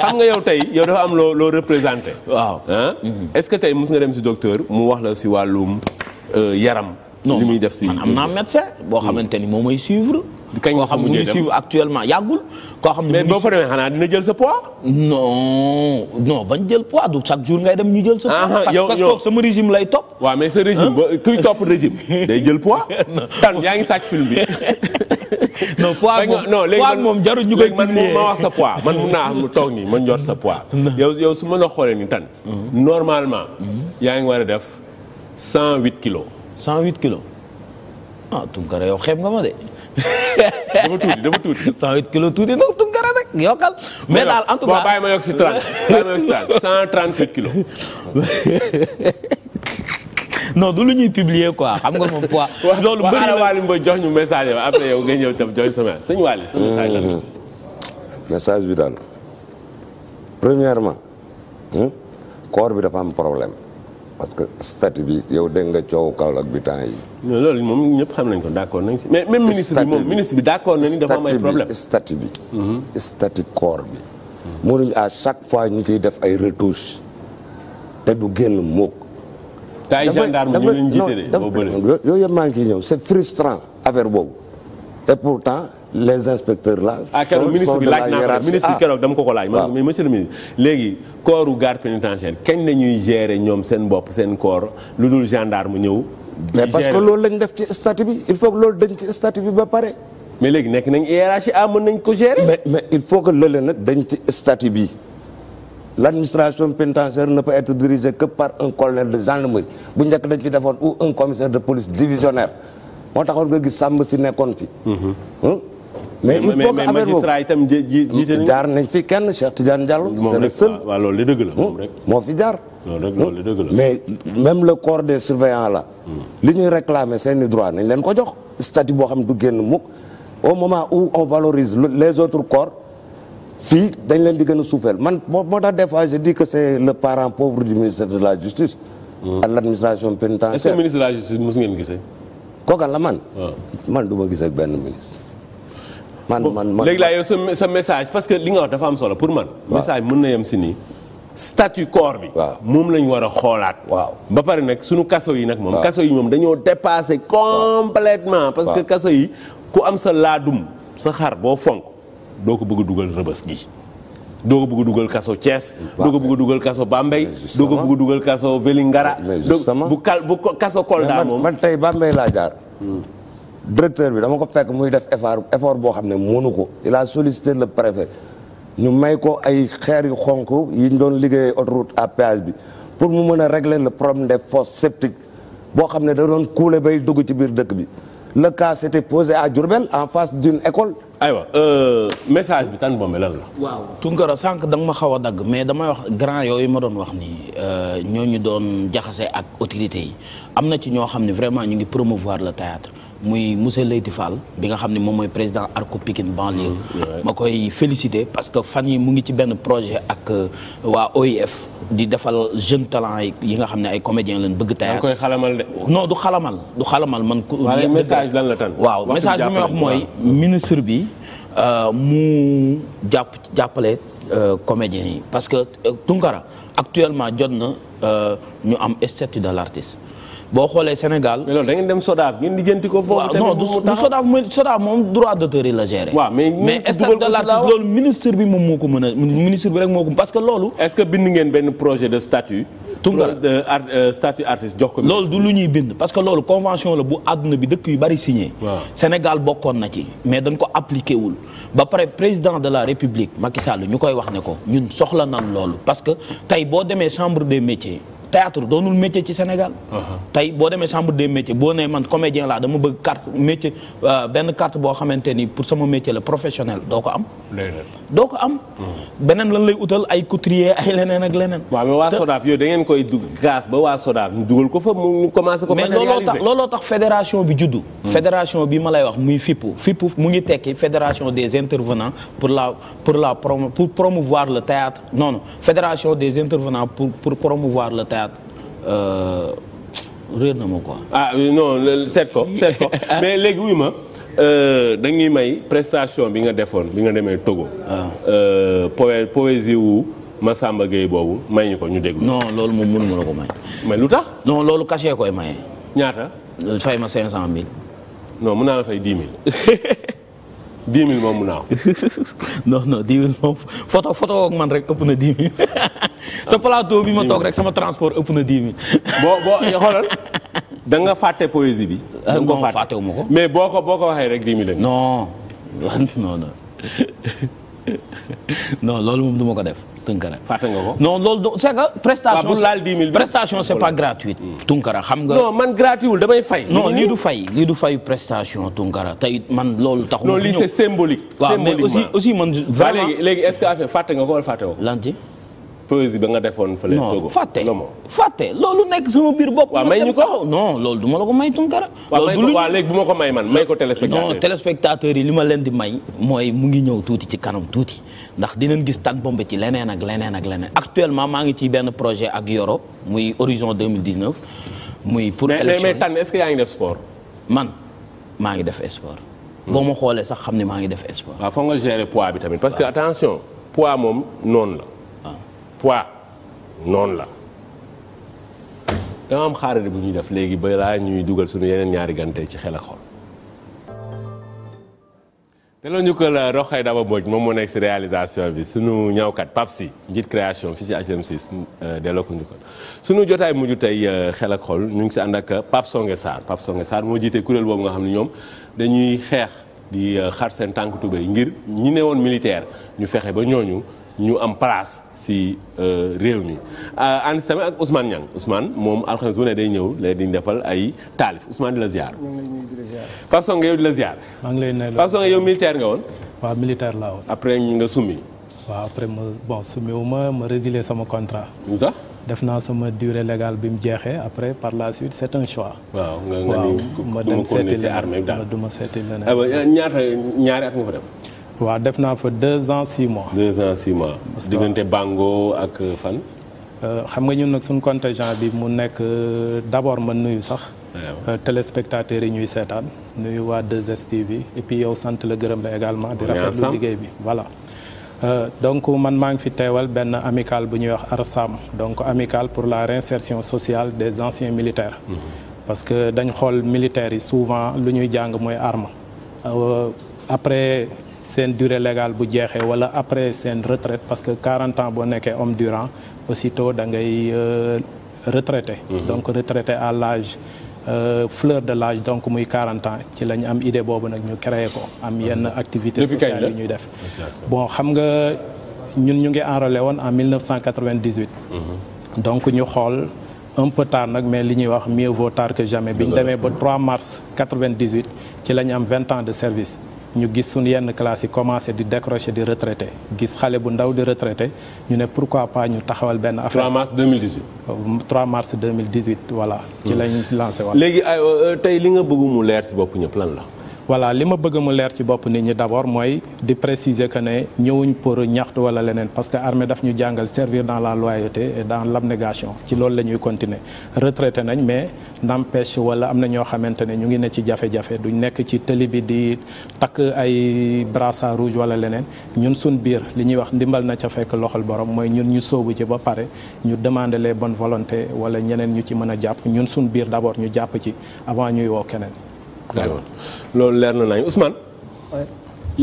xam nga yow tey yow dafa am loo loo représenté. waaw ah. Mhm. est-ce que tey mus nga dem si docteur mu wax la si wàllum euh, yaram. li muy def si am naa médecin boo mm. xamante ni moom may suivre. kañ nga xam mu ngi suivre actuellement yàggul. koo xam ne mais boo fa demee xanaa dina jël sa poids. non non bañ jël poids du chaque jour ngay dem ñu jël sa poids. Ah, ah, yow parce que sama régime lay topp. waaw mais sa régime ba kuy topp régime day jël poids. tan yaa ngi sàcc film bi. non poids moom non léegi moom jarul ñu koy. man ma wax sa poids man mun naa am toog nii ma njort sa poids. yow yow su ma la xoolee ni tan mhm. normalement. Mhm. yaa ngi war a def cent huit kilos. cent huit kilos ah Tunkara yow xeeb nga ma de. dafa tuuti dafa tuuti. 108 tuuti donc tu gara rek yokkal. mais daal en tout ma yokk si 30 bàyyi ma yokk si 30 lu ñuy publier quoi xam nga moom poids. loolu bëri na waaw waaw jox ñu message yow après yow nga ñëw tam jox ñu sama sëñ message la mm-hmm. bi daal premièrement. Hmm, corps bi dafa am problème. parce que statut bi yow dégg nga coow Kaolack bi temps yi. moom ñëpp xam nañ ko d' accord nañ si. mais même ministre bi moom ministre bi d' accord na ni dafa am ay problème statut bi mhm. statut corps bi. mënuñ à chaque fois ñu ciy def ay retouches te du génn mook. dafa dafa gendarme ñu leen jiite de boo bëri. yooyu yëpp maa ngi ciy ñëw c' est frustrant affaire boobu et pourtant. les inspecteurs ah, la ah bi laaj naa ko ministre ah. keroog dama ko ko laaj. waaw ah. mais monsieur le ministre léegi kooru garde pénitentiaire kañ la ñuy gérer ñoom seen bopp seen koor lu dul gendarme ñëw. mais parce que loolu lañ def ci statut bi il faut que loolu dañ ci statut bi ba pare. mais léegi nekk nañ hiérarchie ah mën nañ ko gérer. mais mais il faut que loolu nag dañ ci statut bi l' administration pénitentiaire ne peut être dirigée que par un colonel de gendarmerie bu njëkk dañ ci defoon ou un commissaire de police divisionnaire moo taxoon nga gis sàmm si nekkoon fi. Mhm. mais il faut que affaire boobu itam jiite nañ jaar nañ fi kenn Cheikh Tidiane Diallo. c'est le seul waaw loolu la dëgg la moom moo fi jaar. loolu rek loolu la mais même le corps de surveillants la hmm. li ñuy réclamer seeni droit nañ leen ko jox. statut boo xam du génn mukk au moment où on valorise les autres corps fii dañ leen di gën a suufeel man moo tax des fois je dis que c'est le parent pauvre du ministère de la justice. ak hmm. l'administration pénitentiaire. est-ce que ministre de la justice ngeen gisee. kooka la man. Ah. man du ma gis ak benn ministre. man man man léegi laa yow sa message parce que li nga wax dafa am solo pour man. message mën na yem si nii. statut corps bi. waaw moom lañ war a xoolaat. waaw ba pare nag suñu kaso yi nag moom. kaso yi moom dañoo dépassé. complètement parce que kaso yi ku am sa laadum sa xar boo fonk doo ko bëgg dugal rëbës gi. doo ko bëgg dugal kaso cees doo ko bëgg dugal kaso Bambey. doo ko bëgg a dugal kaso Vélingara. bu kal bu kaso Kolda moom man tey Bambey laa jaar. Hmm. directeur bi dama ko fekk muy def effort effort boo xam ne mënu ko il a sollicité le préfet ñu may ko ay xeer yu xonq yi ñu doon liggéeyee autoroute à péage bi pour mu mën a régler le problème des fosses septiques boo xam ne da doon couler bay dugg ci biir dëkk bi le cas s'était posé à Diourbel en face d'une école. aywa euh, message bi tan bombe lan la. waaw Tunkara sànq danga ma xaw a dagg mais damay wax grand yooyu ma doon wax nii euh, ñoo ñu doon jaxase ak autorité yi am na ci ñoo xam ne vraiment ñu ngi promouvoir le théâtre muy monsieur Leyti Fall bi nga xam ne moom mooy président Arco Pikine banlieue mm, ma koy féliciter parce que fan yi mu ngi ci benn projet ak euh, waa OIF di defal jeune talent yi nga xam ne ay comédien lañ bëgg tey koy xalamal de du xalamal du xalamal man message lan la tan waaw message bi may wax mooy ministre bi euh, mu jàpp jàppale euh, comédiens yi parce que Tunkara actuellement jot na ñu am statut de l'artiste boo xoolee Sénégal. mais loolu da ngeen dem Sodav ngeen lijjanti ko. foofu tamit bu mu taxaw waaw non du Sodav moom droit d'auteur yi la gérer. waaw mais mais statut de l'artiste loolu ministre bi ko mën a ministre bi rek ko parce que loolu. est-ce que bind ngeen benn projet de euh, ko. loolu lu ñuy bind parce que loolu convention la bu àdduna bi dëkk yu bari signé. Sénégal bokkoon na ci mais dañ ko appliqué wul. ba pare président de la république Macky Sall ñu koy wax ne ko ñun soxla nan loolu parce que tey boo demee chambre de métiers. théâtre doonul métier ci Sénégal. Uh-huh. tey boo demee chambre des métiers boo nee man comédien laa dama bëgg carte métier euh, benn carte boo xamante ni pour sama métier la professionnel doo ko am. doo ko am. Uh-huh. beneen lan lay utal ay couturier ay leneen ak leneen. waaw mais waa Sodaaf yooyu da ngeen koy dugg grâce ba waa Sodaaf ñu dugal ko fa mu commencé ko. mais looloo tax fédération bi juddu. Hmm. fédération bi ma lay wax muy FIPU FIPU mu ngi tekki fédération des intervenants pour la pour la pour promouvoir le théâtre non non fédération des intervenants pour pour promouvoir le théâtre. Euh, réer na ma quoi. ah non seet ko seet ko mais léegi wuy ma euh, dañuy may prestation bi nga defoon bi nga demee Togo. waaw ah. euh, poésie wu Massamba Gueye boobu may ñu ko ñu déglu. non loolu moom mënu la ko may. mais lu tax. non loolu cachet koy maye. ñaata. fay ma 500000. non mën naa la fay 10 000. dix mille moom mun naa non non dix mille moom photo photo ak man rek ëpp na dix mille sa plateau bi ma toog rek sama transport ëpp na dix mille boo boo eh, xoolal da nga fàtte poésie bi. Ah, da nga ko ma ko mais boo ko boo ko waxee rek dix mille non non non loolu moom du ma ko def. Tunkara fàtte nga ko. non loolu do c'est que prestation. waaw ah, bu laal 10 000 prestation c'est pas gratuite. Hmm. Tunkara xam nga. non man gratuit damay fay. non lii du fay lii du fay prestation Tunkara tey man loolu taxul. non lii c'est symbolique. symboliquement waaw mais aussi man. vraiment léegi léegi est-ce que affaire fàtte nga ko wala poésie ba nga defoon fële. Togo fàtte fàtte loolu nekk sama biir bopp. may loolu du ma ko may Tunkara. loolu waaw léegi bu ma ko may téléspectateur yi li ma leen di may. mooy mu ngi ñëw tuuti ci kanam tuuti ndax dinañ gis Tann Bombé ci leneen ak leneen ak leneen. actuellement maa ngi ci benn projet ak Yoro muy horizon 2019 muy pour élection mais mais yaa ngi def man maa ngi def sport. Hmm. boo ma xoolee sax xam ne maa ngi def sport. waaw foog nga gérer poids bi tamit parce que attention poids moom noonu la. poids noonu la dama am xaarandi bu ñuy def léegi balaa ñuy dugal suñu yeneen ñaari gante ci xel ak xol. te loolu ñu ko la Roxay Daba Mbodj moom moo nekk si réalisation bi sunu ñawkat Pape Sy njiit création fi si HLM6 delloo ko njukkal sunu jotaay mujj tey euh, xel ak xol ñu ngi si ànd ak Pape Songe Sarr Pape Songe moo jiite kuréel boobu nga xam ne ñoom dañuy xeex di euh, xar seen tànk tubéy ngir ñi ne woon militaire ñu fexe ba ñooñu ñu am place. si euh, réew mi ànd euh, si tamit ak Ousmane Niang Ousmane moom alxames bu ne day ñëw léegi di ñu defal ay taalif Ousmane di la ziar. Pape Songe yow di la ziar. maa ngi lay nuyu Pape Songe yow militaire nga woon. waaw militaire laa woon. après nga summi. waaw après ma bon summi wu ma ma résilier sama contrat. lu def naa sama dure légale bi mu jeexee après par la suite c'est un choix. waaw nga nga ma dem seeti la ma duma seeti leneen. Ah, ñaata ñaari at nga fa def. waaw def naa fa deux ans six mois. deux ans six mois. diggante Bango ak fan. Euh, xam nga ñun nag suñu contingent bi mu nekk euh, d' abord ma nuyu sax. Euh, téléspectateurs yi ñuy seetaan nuyu waa 2STV et puis yow sant la gërëm la également. di rafetlu liggéey bi voilà. Euh, donc man maa ngi fi teewal benn amicale bu ñuy wax ARSAM donc amicale pour la réinsertion sociale des anciens militaires. Mmh. parce que dañ xool militaires yi souvent lu ñuy jàng mooy arme. après seen durée légale bu jeexee wala après seen retraite parce que 40 ans boo nekkee homme durant aussitôt da ngay euh, retraité. Mhm. donc retraité à l'âge Euh, fleur de l'âge donc muy 40 ans ci la ñu am idée boobu nag ñu créer ko am yenn activité sociale yu ñuy def bon xam nga ñun ñu ngi enrôlé woon en 1998 mm -hmm. donc ñu xool un peu tard nag mais li ñuy wax mieux vaut tard que jamais bi ñu demee ba 3 mars 98 ci la ñu am vingt ans de service ñu gis suñu yenn classes yi commencé di décrocher di retraité gis xale bu ndaw di retraité ñu ne pourquoi pas ñu taxawal benn affaire. 3 mars 2018. 3 mars 2018 voilà. ci hmm. lañ lancé waat. léegi ay euh, euh, tey li nga bëgg mu leer si bopp ñëpp lan la. voilà li ma bëgg mu leer ci bopp nit ñi d'abord mooy di préciser que ne ñëwuñ pour ñaxtu wala leneen parce que armée daf ñu jàngal servir dans la loyauté et dans l'abnégation ci loolu la ñuy continuer retraité nañ mais n'empêche wala am na ñoo xamante ne ñu ngi ne ci jafe-jafe duñ nekk ci tëli bi di takk ay brassard rouge wala leneen ñun suñ biir li ñuy wax ndimbal na ca fekk loxol borom mooy ñun ñu sóobu ci ba pare ñu demande le bonnes volontés wala ñeneen ñu ci mën a jàpp ñun suñ biir d'abord ñu jàpp ci avant ñuy woo d'accord loolu leer na nañu usman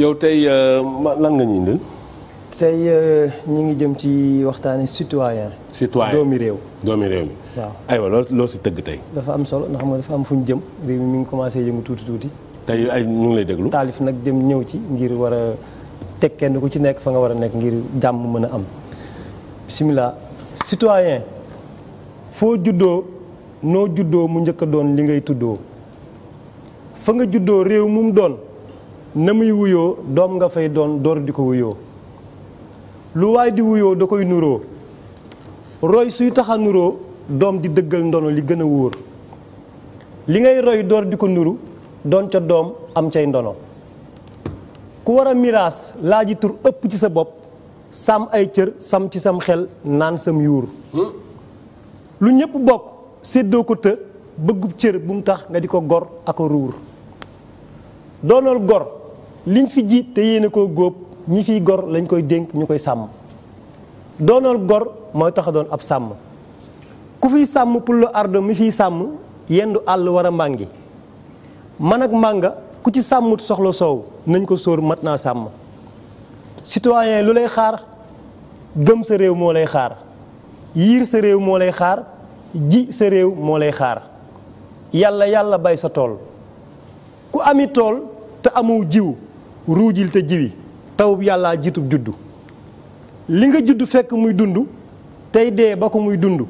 yow tey euh, lan nga ñu indil. tey euh, ñu ngi jëm ci waxtaane citoyen. citoyen doomi réew. doomi réew mi waaw. aywa loolu loo si tëgg tey. dafa am solo ndax xam nga dafa am fu ñu jëm réew mi mi ngi commencé yëngu tuuti tuuti. tey ay ñu ngi lay déglu. taalif nag jëm ñëw ci ngir war a teg kenn ku ci nekk fa nga war a nekk ngir jàmm mën a am. simila citoyen foo juddoo noo juddoo mu njëkk doon li ngay tuddoo. fa nga juddoo réew mu mu doon na muy wuyoo doom nga fay doon door di ko wuyoo lu waay di wuyoo da koy nuroo roy suy taxa nuroo doom di dëggal ndono li gën a wóor li ngay roy door di ko nuru doon ca doom am cay ndono ku war a miraas laa ëpp ci sa bopp sam ay cër sam ci sam xel naan sam yuur lu ñëpp bokk séddoo ko të bëggub cër bu mu tax nga di ko gor ak a ruur doonal gor liñ fi ji te yéene koo góob ñi fiy gor lañ koy dénk ñu koy sàmm doonal gor mooy taxa doon ab sàmm ku fiy sàmm pour la ardo mi fiy sàmm yendu àll war a màngi man ak mànga ku ci sàmmut soxla soow nañ ko sóor mat naa sàmm citoyen lu lay xaar gëm sa réew moo lay xaar yiir sa réew moo lay xaar ji sa réew moo lay xaar yàlla yàlla bay sa tool ku ami tool te amoo jiw ruujil te jiwi tawub yàlla jiitub juddu li nga juddu fekk muy dund tey dee ba ko muy dund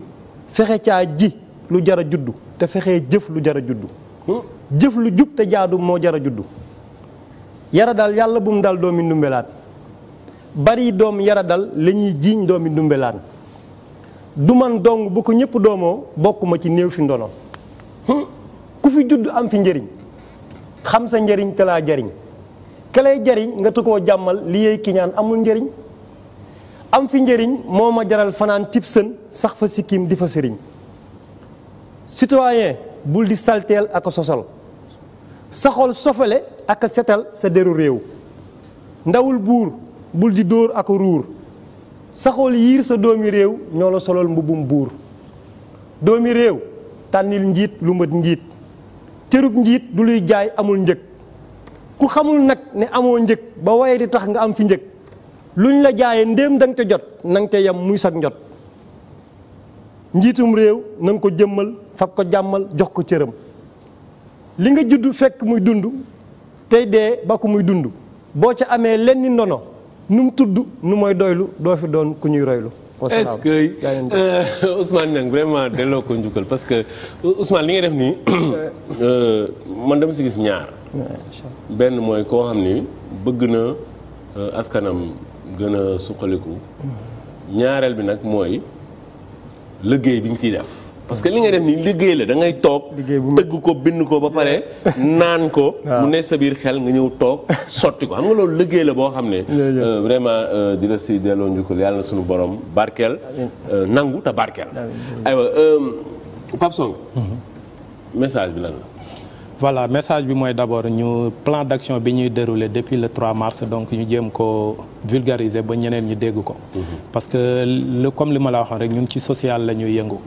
fexe caa ji lu jar a juddu te fexe jëf lu jar juddu hmm? jëf lu jub te jaadu moo jar a juddu yara dal yàlla bu mu dal doomi ndumbelaan bari doom yara dal la ñuy jiiñ doomi ndumbelaan du man dong bu ko ñëpp doomoo bokkuma ci néew fi ndono hmm? ku fi judd am fi njëriñ xam sa njëriñ te jariñ ke jariñ nga tu koo jàmmal li yey ki amul njariñ am fi njariñ moo ma jaral fanaan cib sën sax fa sikkim di fa sëriñ citoyen bul di salteel ak a sosal saxol sofale ak a setal sa deru réew ndawul buur bul di dóor ak a ruur saxol yiir sa doomi réew ñoo la solol mbubum buur doomi réew tànnil njiit lu njiit cërub njiit du luy jaay amul njëg ku xamul nag ni amoo njëg ba waye di tax nga am fi njëg luñ la jaayee ndéem da nga ca jot na nga ca muy sag njot njiitum réew na ko jëmmal fab ko jàmmal jox ko cëram li nga judd fekk muy dund tey dee ba ko muy dund boo ca amee lenn ndono nu mu tudd nu mooy doylu doo fi doon ku ñuy roylu est-ce que euh, Ousmane Niang vraiment delloo ko njukkal parce que euh, Ousmane li ngay def nii euh, man dama si gis ñaar. benn mooy koo xam ni bëgg na askanam gën a suqaliku. Mm-hmm. ñaareel bi nag mooy liggéey bi ñu siy def. parce que li nga def ni liggéey la da ngay toog. tëgg ko bind ko ba pare naan ko. mu ne sa biir xel nga ñëw toog sotti ko xam nga loolu liggéey la boo xam ne. Euh, vraiment euh, di la si delloo njukkal yàlla suñu borom barkeel. Euh, nangu te barkeel. aywa Pape Song message bi lan la. voilà message bi mooy d'abord ñu plan d'action bi ñuy déroulé depuis le trois mars donc ñu jéem ko vulgariser ba ñeneen ñi dégg ko. Mhm. parce que comme li ma la waxoon rek ñun ci social la ñuy yëngu.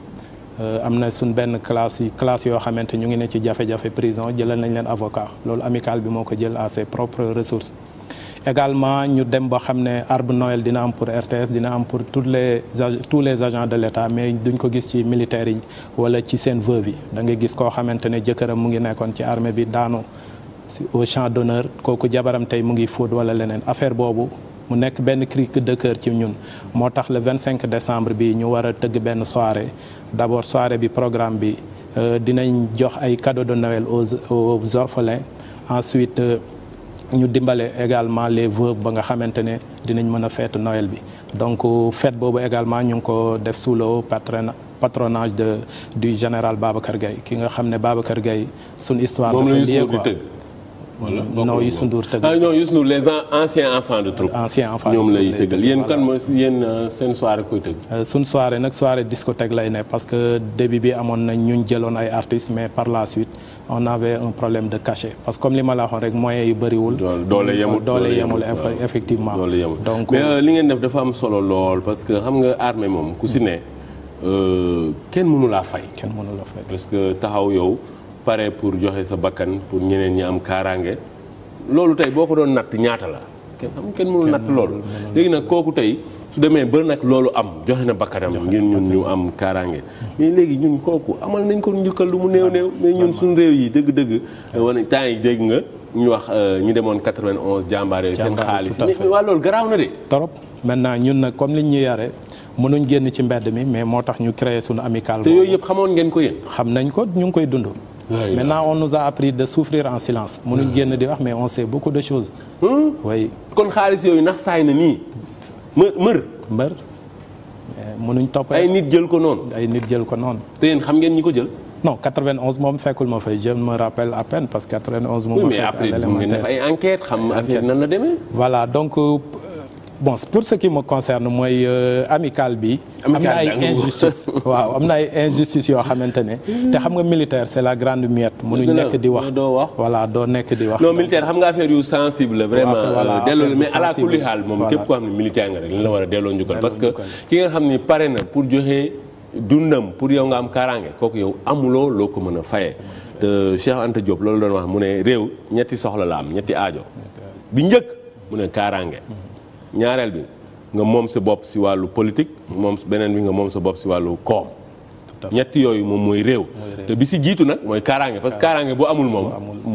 Euh, am na suñ benn classe yi classe yoo xamante ñu ngi ne ci jafe-jafe prison jëlal nañ leen avocat loolu amicale bi moo ko jël à ses propres ressources également ñu dem ba xam ne arbre Noël dina am pour RTS dina am pour toutes les tous les agents de l'État mais duñ ko gis ci militaire yi wala ci seen veuve yi da nga gis koo xamante ne jëkkëram mu ngi nekkoon ci armée bi daanu au champ d'honneur kooku jabaram tey mu ngi fóot wala leneen affaire boobu mu nekk benn cri de cœur ci ñun moo tax le 25 décembre bi ñu war a tëgg benn soirée d'abord soirée bi programme bi euh, dinañ jox ay cadeaux de Noël aux aux orphelins ensuite euh, ñu dimbale également les veuves ba nga xamante ne dinañ mën a fête Noël bi donc euh, fête boobu également ñu ngi ko def sous le patronage de du général Babacar Gueye ki nga xam ne Babacar Gueye suñu histoire dafa lié wala non Youssou Ndour tëgg ah non Youssou Ndour les anciens enfants de troupe. anciens enfants de troupe ñoom lay tëggal yéen kan mooy yéen euh, seen soirée koy tëgg. Euh, suñ soirée nag soirée discothèque lay ne parce que début bi amoon nañ ñu jëloon ay artistes mais par la suite on avait un problème de cachet parce que comme li ma la waxoon rek moyens yu bëriwul. doole euh, yemul doole yemul effectivement doole yemul donc mais li ngeen def dafa am solo lool parce que xam nga armée moom ku si ne. kenn mënu laa fay. kenn mënu laa fay parce que taxaw yow. pare pour joxe sa bakkan pour ñeneen ñi am kaaraange loolu tey boo ko doon natt ñaata la kenn xam kenn mënul natt loolu léegi nag kooku tey su demee ba nag loolu am joxe na bakkanam ngeen ñun ñu am kaaraange mais léegi ñun kooku amal nañ ko njukkal lu mu néew ñun suñu réew yi dëgg-dëgg wane temps yi dégg nga ñu wax euh, ñu demoon 91 jàmbaare yooyu seen xaalis mais waa loolu garaaw na de trop maintenant ñun nag comme liñ ñu yare mënuñ génn ci mbedd mi mais moo tax ñu créé suñu amical te yooyu yëpp xamoon ngeen ko yéen xam nañ ko ñu ngi koy dund maintenant on nous a appris de souffrir en silence. mënuñ hmm. génn di wax mais on sait beaucoup de choses. Hmm? kon xaalis yooyu ndax saay na nii mër mër. mbër eh, mënuñ topp. ay nit jël ko noonu. ay nit jël ko noonu. te yéen xam ngeen ñi ko jël. non 91 moom fekkul ma fay je me rappelle à peine parce que 91. moom ma fekk à l'élémentaire oui mais après mu ngeen xam affaire la demee. voilà donc. Euh, bon pour ce qui me concerne mooy euh, amical bi am na ay injustice waaw am na ay injustice yoo xamante ne te xam nga militaire c'est la grande miette mënuñ nekk di wax doo wax voilà doo nekk di wax non militaire xam nga affaire yu sensible vraiment euh, delloo la mais ala kulli xaal moom a delloo njukkal parce que ki nga xam ni pare na pour joxe dundam pour yow nga am kaaraange kooku yow amuloo loo ko mën a fayee te Cheikh Anta Diop loolu doon wax mu ne réew ñetti soxla la am ñetti aajo bi njëkk mu ne kaaraange mm-hmm. ñaareel bi nga moom sa bopp si wàllu politique moom beneen bi nga moom sa bopp si wàllu koom ñetti yooyu moom mooy réew bi si jiitu nag mooy kaaraange parce que kaaraange bu amul moom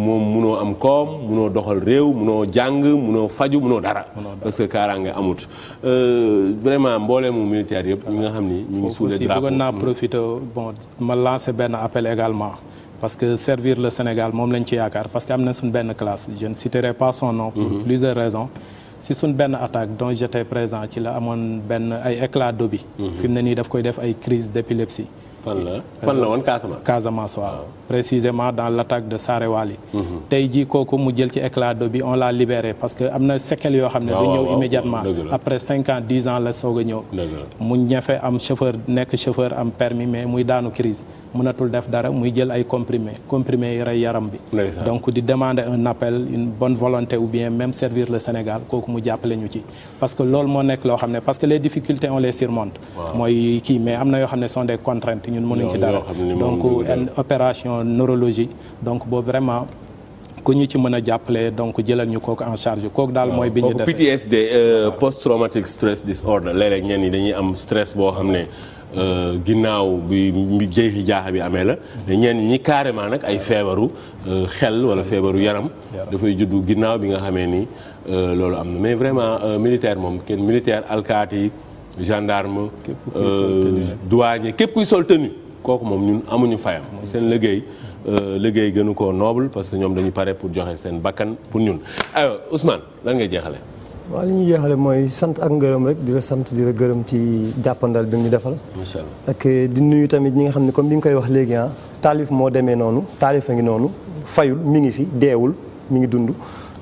moom munoo am koom munoo doxal réew munoo jàng munoo faju munoo dara parce que kaaraange amut euh, vraiment mbooleemu militaire yëpp ñi nga xam ni ñu ngi sous les drapeaux bëggoon naa profiter bon ma lancer benn appel également parce que servir le Sénégal moom lañ ci yaakaar parce que am na suñ benn classe je ne citerai pas son nom si suñ benn attaque dont j'étais présent ci la amoon benn ay éclat d'obus. Mhm. fi mu ne nii daf koy def ay crise d'épilepsie fan la fan la woon Casamance. Casamance waaw précisément dans l' attaque de Sarewali. Mhm. tey jii kooku mu jël ci éclat de bi on l'a libéré parce que am na séquelles yoo xam ne. Ah, du immédiatement après ans la soog a ñëw. mu ñafe am chauffeur nekk chauffeur am permis mais muy daanu crise mënatul def dara muy jël ay comprimé comprimé yaram bi. donc di demander un appel une bonne volonté ou bien même servir le Sénégal kooku mu jàppale ñu ci. parce que loolu moo nekk loo xam ne parce ñun mënuñ ci dara donc opération neurologie donc boo vraiment ku ñu ci mën a jàppale donc jëlal ñu kooku en charge kooku daal mooy bi ñu dese PTSD euh, post traumatic stress disorder léeg-léeg ñenn ñi dañuy am stress boo xam ne euh, ginnaaw bi bi jeexi jaaxa bi amee la mhm. ñenn ñi carrément nag ay feebaru euh, xel walla mhm. feebaru yaram dafay juddu ginnaaw bi nga xamee ni loolu am na mais vraiment militaire moom kenn militaire alkaati gendarme euh, douanier képp kuy sol tenue kooku moom ñun amuñu fayam seen liggéey euh, liggéey gënu ko noble parce que ñoom dañu pare pour joxe seen bakkan pour ñun alors Ousmane lan ngay jeexale waaw li ñu jeexale mooy sant ak ngërëm rek di la sant di la gërëm ci jàppandal bi ñu defal ak eh, di nuyu tamit ñi nga xam ne comme bi nga koy wax léegi ah taalif moo demee noonu taalif a ngi noonu fayul mi ngi fi deewul mi ngi dund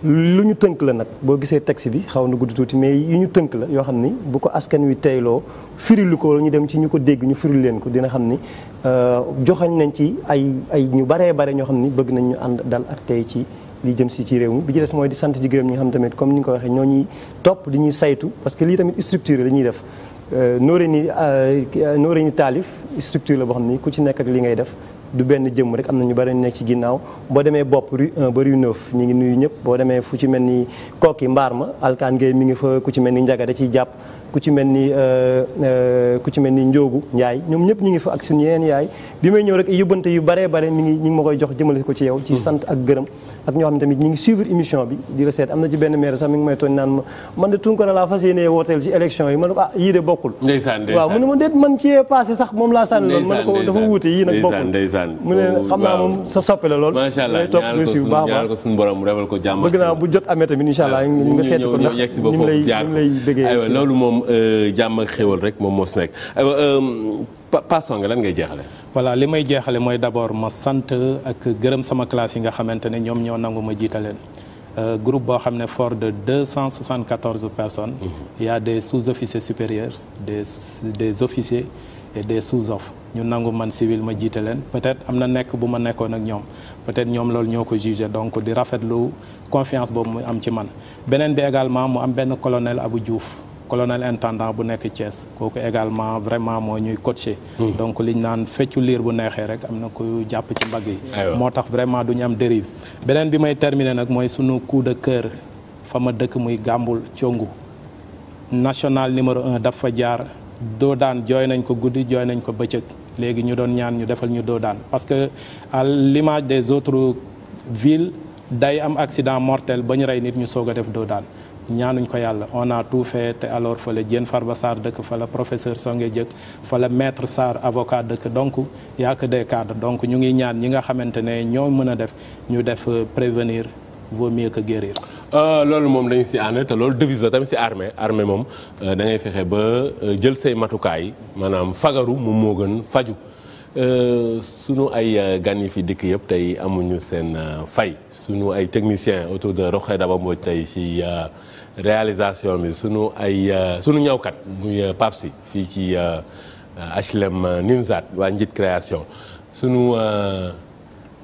lu ñu tënk la nag boo gisee texte bi xaw na guddi tuuti mais yu ñu tënk la yoo xam ni bu ko askan wi teyloo firilu ko ñu dem ci ñu ko dégg ñu firil leen ko dina xam ni euh, joxañ nañ ci ay ay ñu baree bare ñoo xam ni bëgg nañ ñu ànd dal ak tey ci li jëm si ci réew mi bi ci mooy di sant di gërëm ñi nga xam tamit comme ni nga ko waxee ñoo ñuy topp di ñuy saytu parce que lii tamit structure la ñuy def euh, nooree ni euh, nooree ni taalif structure la boo xam ni ku ci nekk ak li du benn jëmm rek am na ñu bari nekk ci ginnaaw boo demee bopp rue 1 ba rue 9 ñu ngi nuyu ñëpp boo demee fu ci mel ni kooki mbaar ma alkaan ngay mi ngi fa ku ci mel ni njaga da ciy jàpp ku ci mel ni euh, euh, ku ci mel ni njóogu njaay ñoom ñëpp ñu ngi fa ak suñu yeneen yaay bi may ñëw rek yóbbante yu baree bare mi ngi ñi ngi ma koy jox jëmale ko ci yow ci hmm. sant ak gërëm ak ñoo xam tamit ñi ngi suivre émission bi di recette am na ci benn maire sax mi ngi may tooñ naan ma man de Tunkara laa fas yéenee wooteel ci élection yi ma ne ko ah yii de bokkul waaw mu ne ma déet man ci passé sax moom laa sànni loolu ma la topp lu siiw baax a baax bëgg naa bu jot amee tamit insha allah nga seet ko ndax lay ñu ngi loolu moom euh, jàmm ak rek moom moo si nekk aywa euh, passons nga lan ngay jeexale voilà li may jeexale mooy d'abord ma sant ak gërëm sama classe yi nga xamante ne ñoom ñoo nangu ma jiite leen euh, groupe boo xam ne fort de deux cent soixante quatorze personnes. Mmh. il des sous-officiers supérieurs des des officiers et des sous-off ñu nangu man civil ma jiite leen peut-être am na nekk bu ma nekkoon ak ñoom peut-être ñoom loolu ñoo ko jugé donc di rafetlu confiance boobu mu am ci man beneen bi également mu am benn colonel abu Diouf. colonel intendant bu nekk Thiès kooku également vraiment moo ñuy coaché. Hmm. donc liñ naan feccu liir bu neexee rek am na ku jàpp ci mbagg yi. moo tax vraiment du ñu am dérive. beneen bi may terminer nag mooy sunu coup de cœur fa ma dëkk muy Gàmbul Congu national numéro un dafa jaar doo daan jooy nañ ko guddi jooy nañ ko bëccëg léegi ñu doon ñaan ñu defal ñu doo daan parce que à l'image des autres villes day am accident mortel ba ñu rey nit ñu soog a def doo daan. ñaanuñ ko yàlla on a tout fait te alors fa la Diène Farba Sarr dëkk fa la professeur Songe Dieng fa la maître Sarr avocat dëkk donc yaa que des cadres donc ñu ngi ñaan ñi nga xamante ne ñoo mën a def ñu def euh, prévenir vaut mieux que guérir. Euh, loolu moom dañ si ànd te loolu devise la tamit si armée armée moom euh, dangay ngay fexe ba jël say matukaay maanaam fagaru moom moo gën faju Euh, sunu ay euh, gan yi fi dikk yëpp tey amuñu seen euh, fay sunu ay technicien autour de Roxaya Daba Mbodj tey ci réalisation bi sunu ay sunu ñawkat muy Papsi fii ci HLM Nimzat waa Njit Création sunu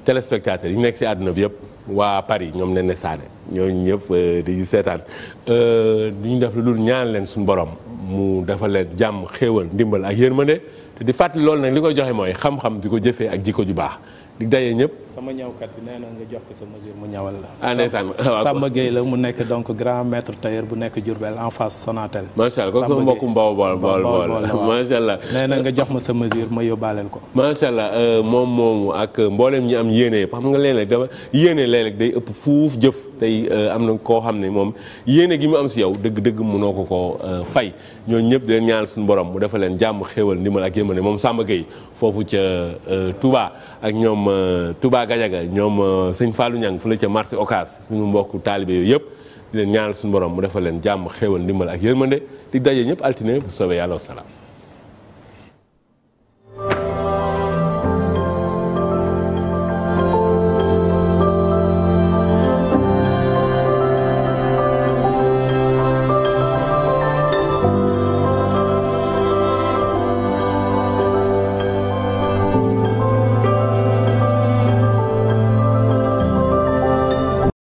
téléspectateurs yi nekk ci àdduna bi yëpp waa Paris ñoom leen ne saane ñooñu ñëpp di seetaan du ñu def lu dul ñaan leen suñu borom mu dafa leen jàmm xéewal ndimbal ak yërmande te di fàttali loolu nag li koy joxe mooy xam-xam di ko jëfee ak jikko ju baax di daje ñëpp. sama ñawkat bi nee na nga jox ko sa mesure mu ñawal la. ah ma ah, Samba Gueye la mu nekk donc grand maître tailleur bu nekk Diourbel en face Sonatel. macha allah kooku sama mbokku Mbaw bool bool bool macha allah. nee na nga jox ma sa mesure ma yóbbaaleel ko. macha allah euh, moom moomu ak mboolem ñi am yéene xam nga léeg-léeg dama yéene léeg-léeg tey euh, am na koo xam ne moom yéene gi mu am si yow dëgg-dëgg mënoo ko koo euh, fay ñooñu ñëpp di leen ñaanal suñu borom mu defal leen jàmm xéewal ndimbal ak yémane moom Samba foofu ca euh, Touba ak ñoom Touba Gajaga ñoom sëñ Fallou Niang fu la ca marché ocas suñu mbokku taalibe yooyu yëpp di leen ñaanal suñu borom mu defal leen jàmm xéewal ndimal ak yërmande di daje ñëpp altine bu soobee yàlla wasalaam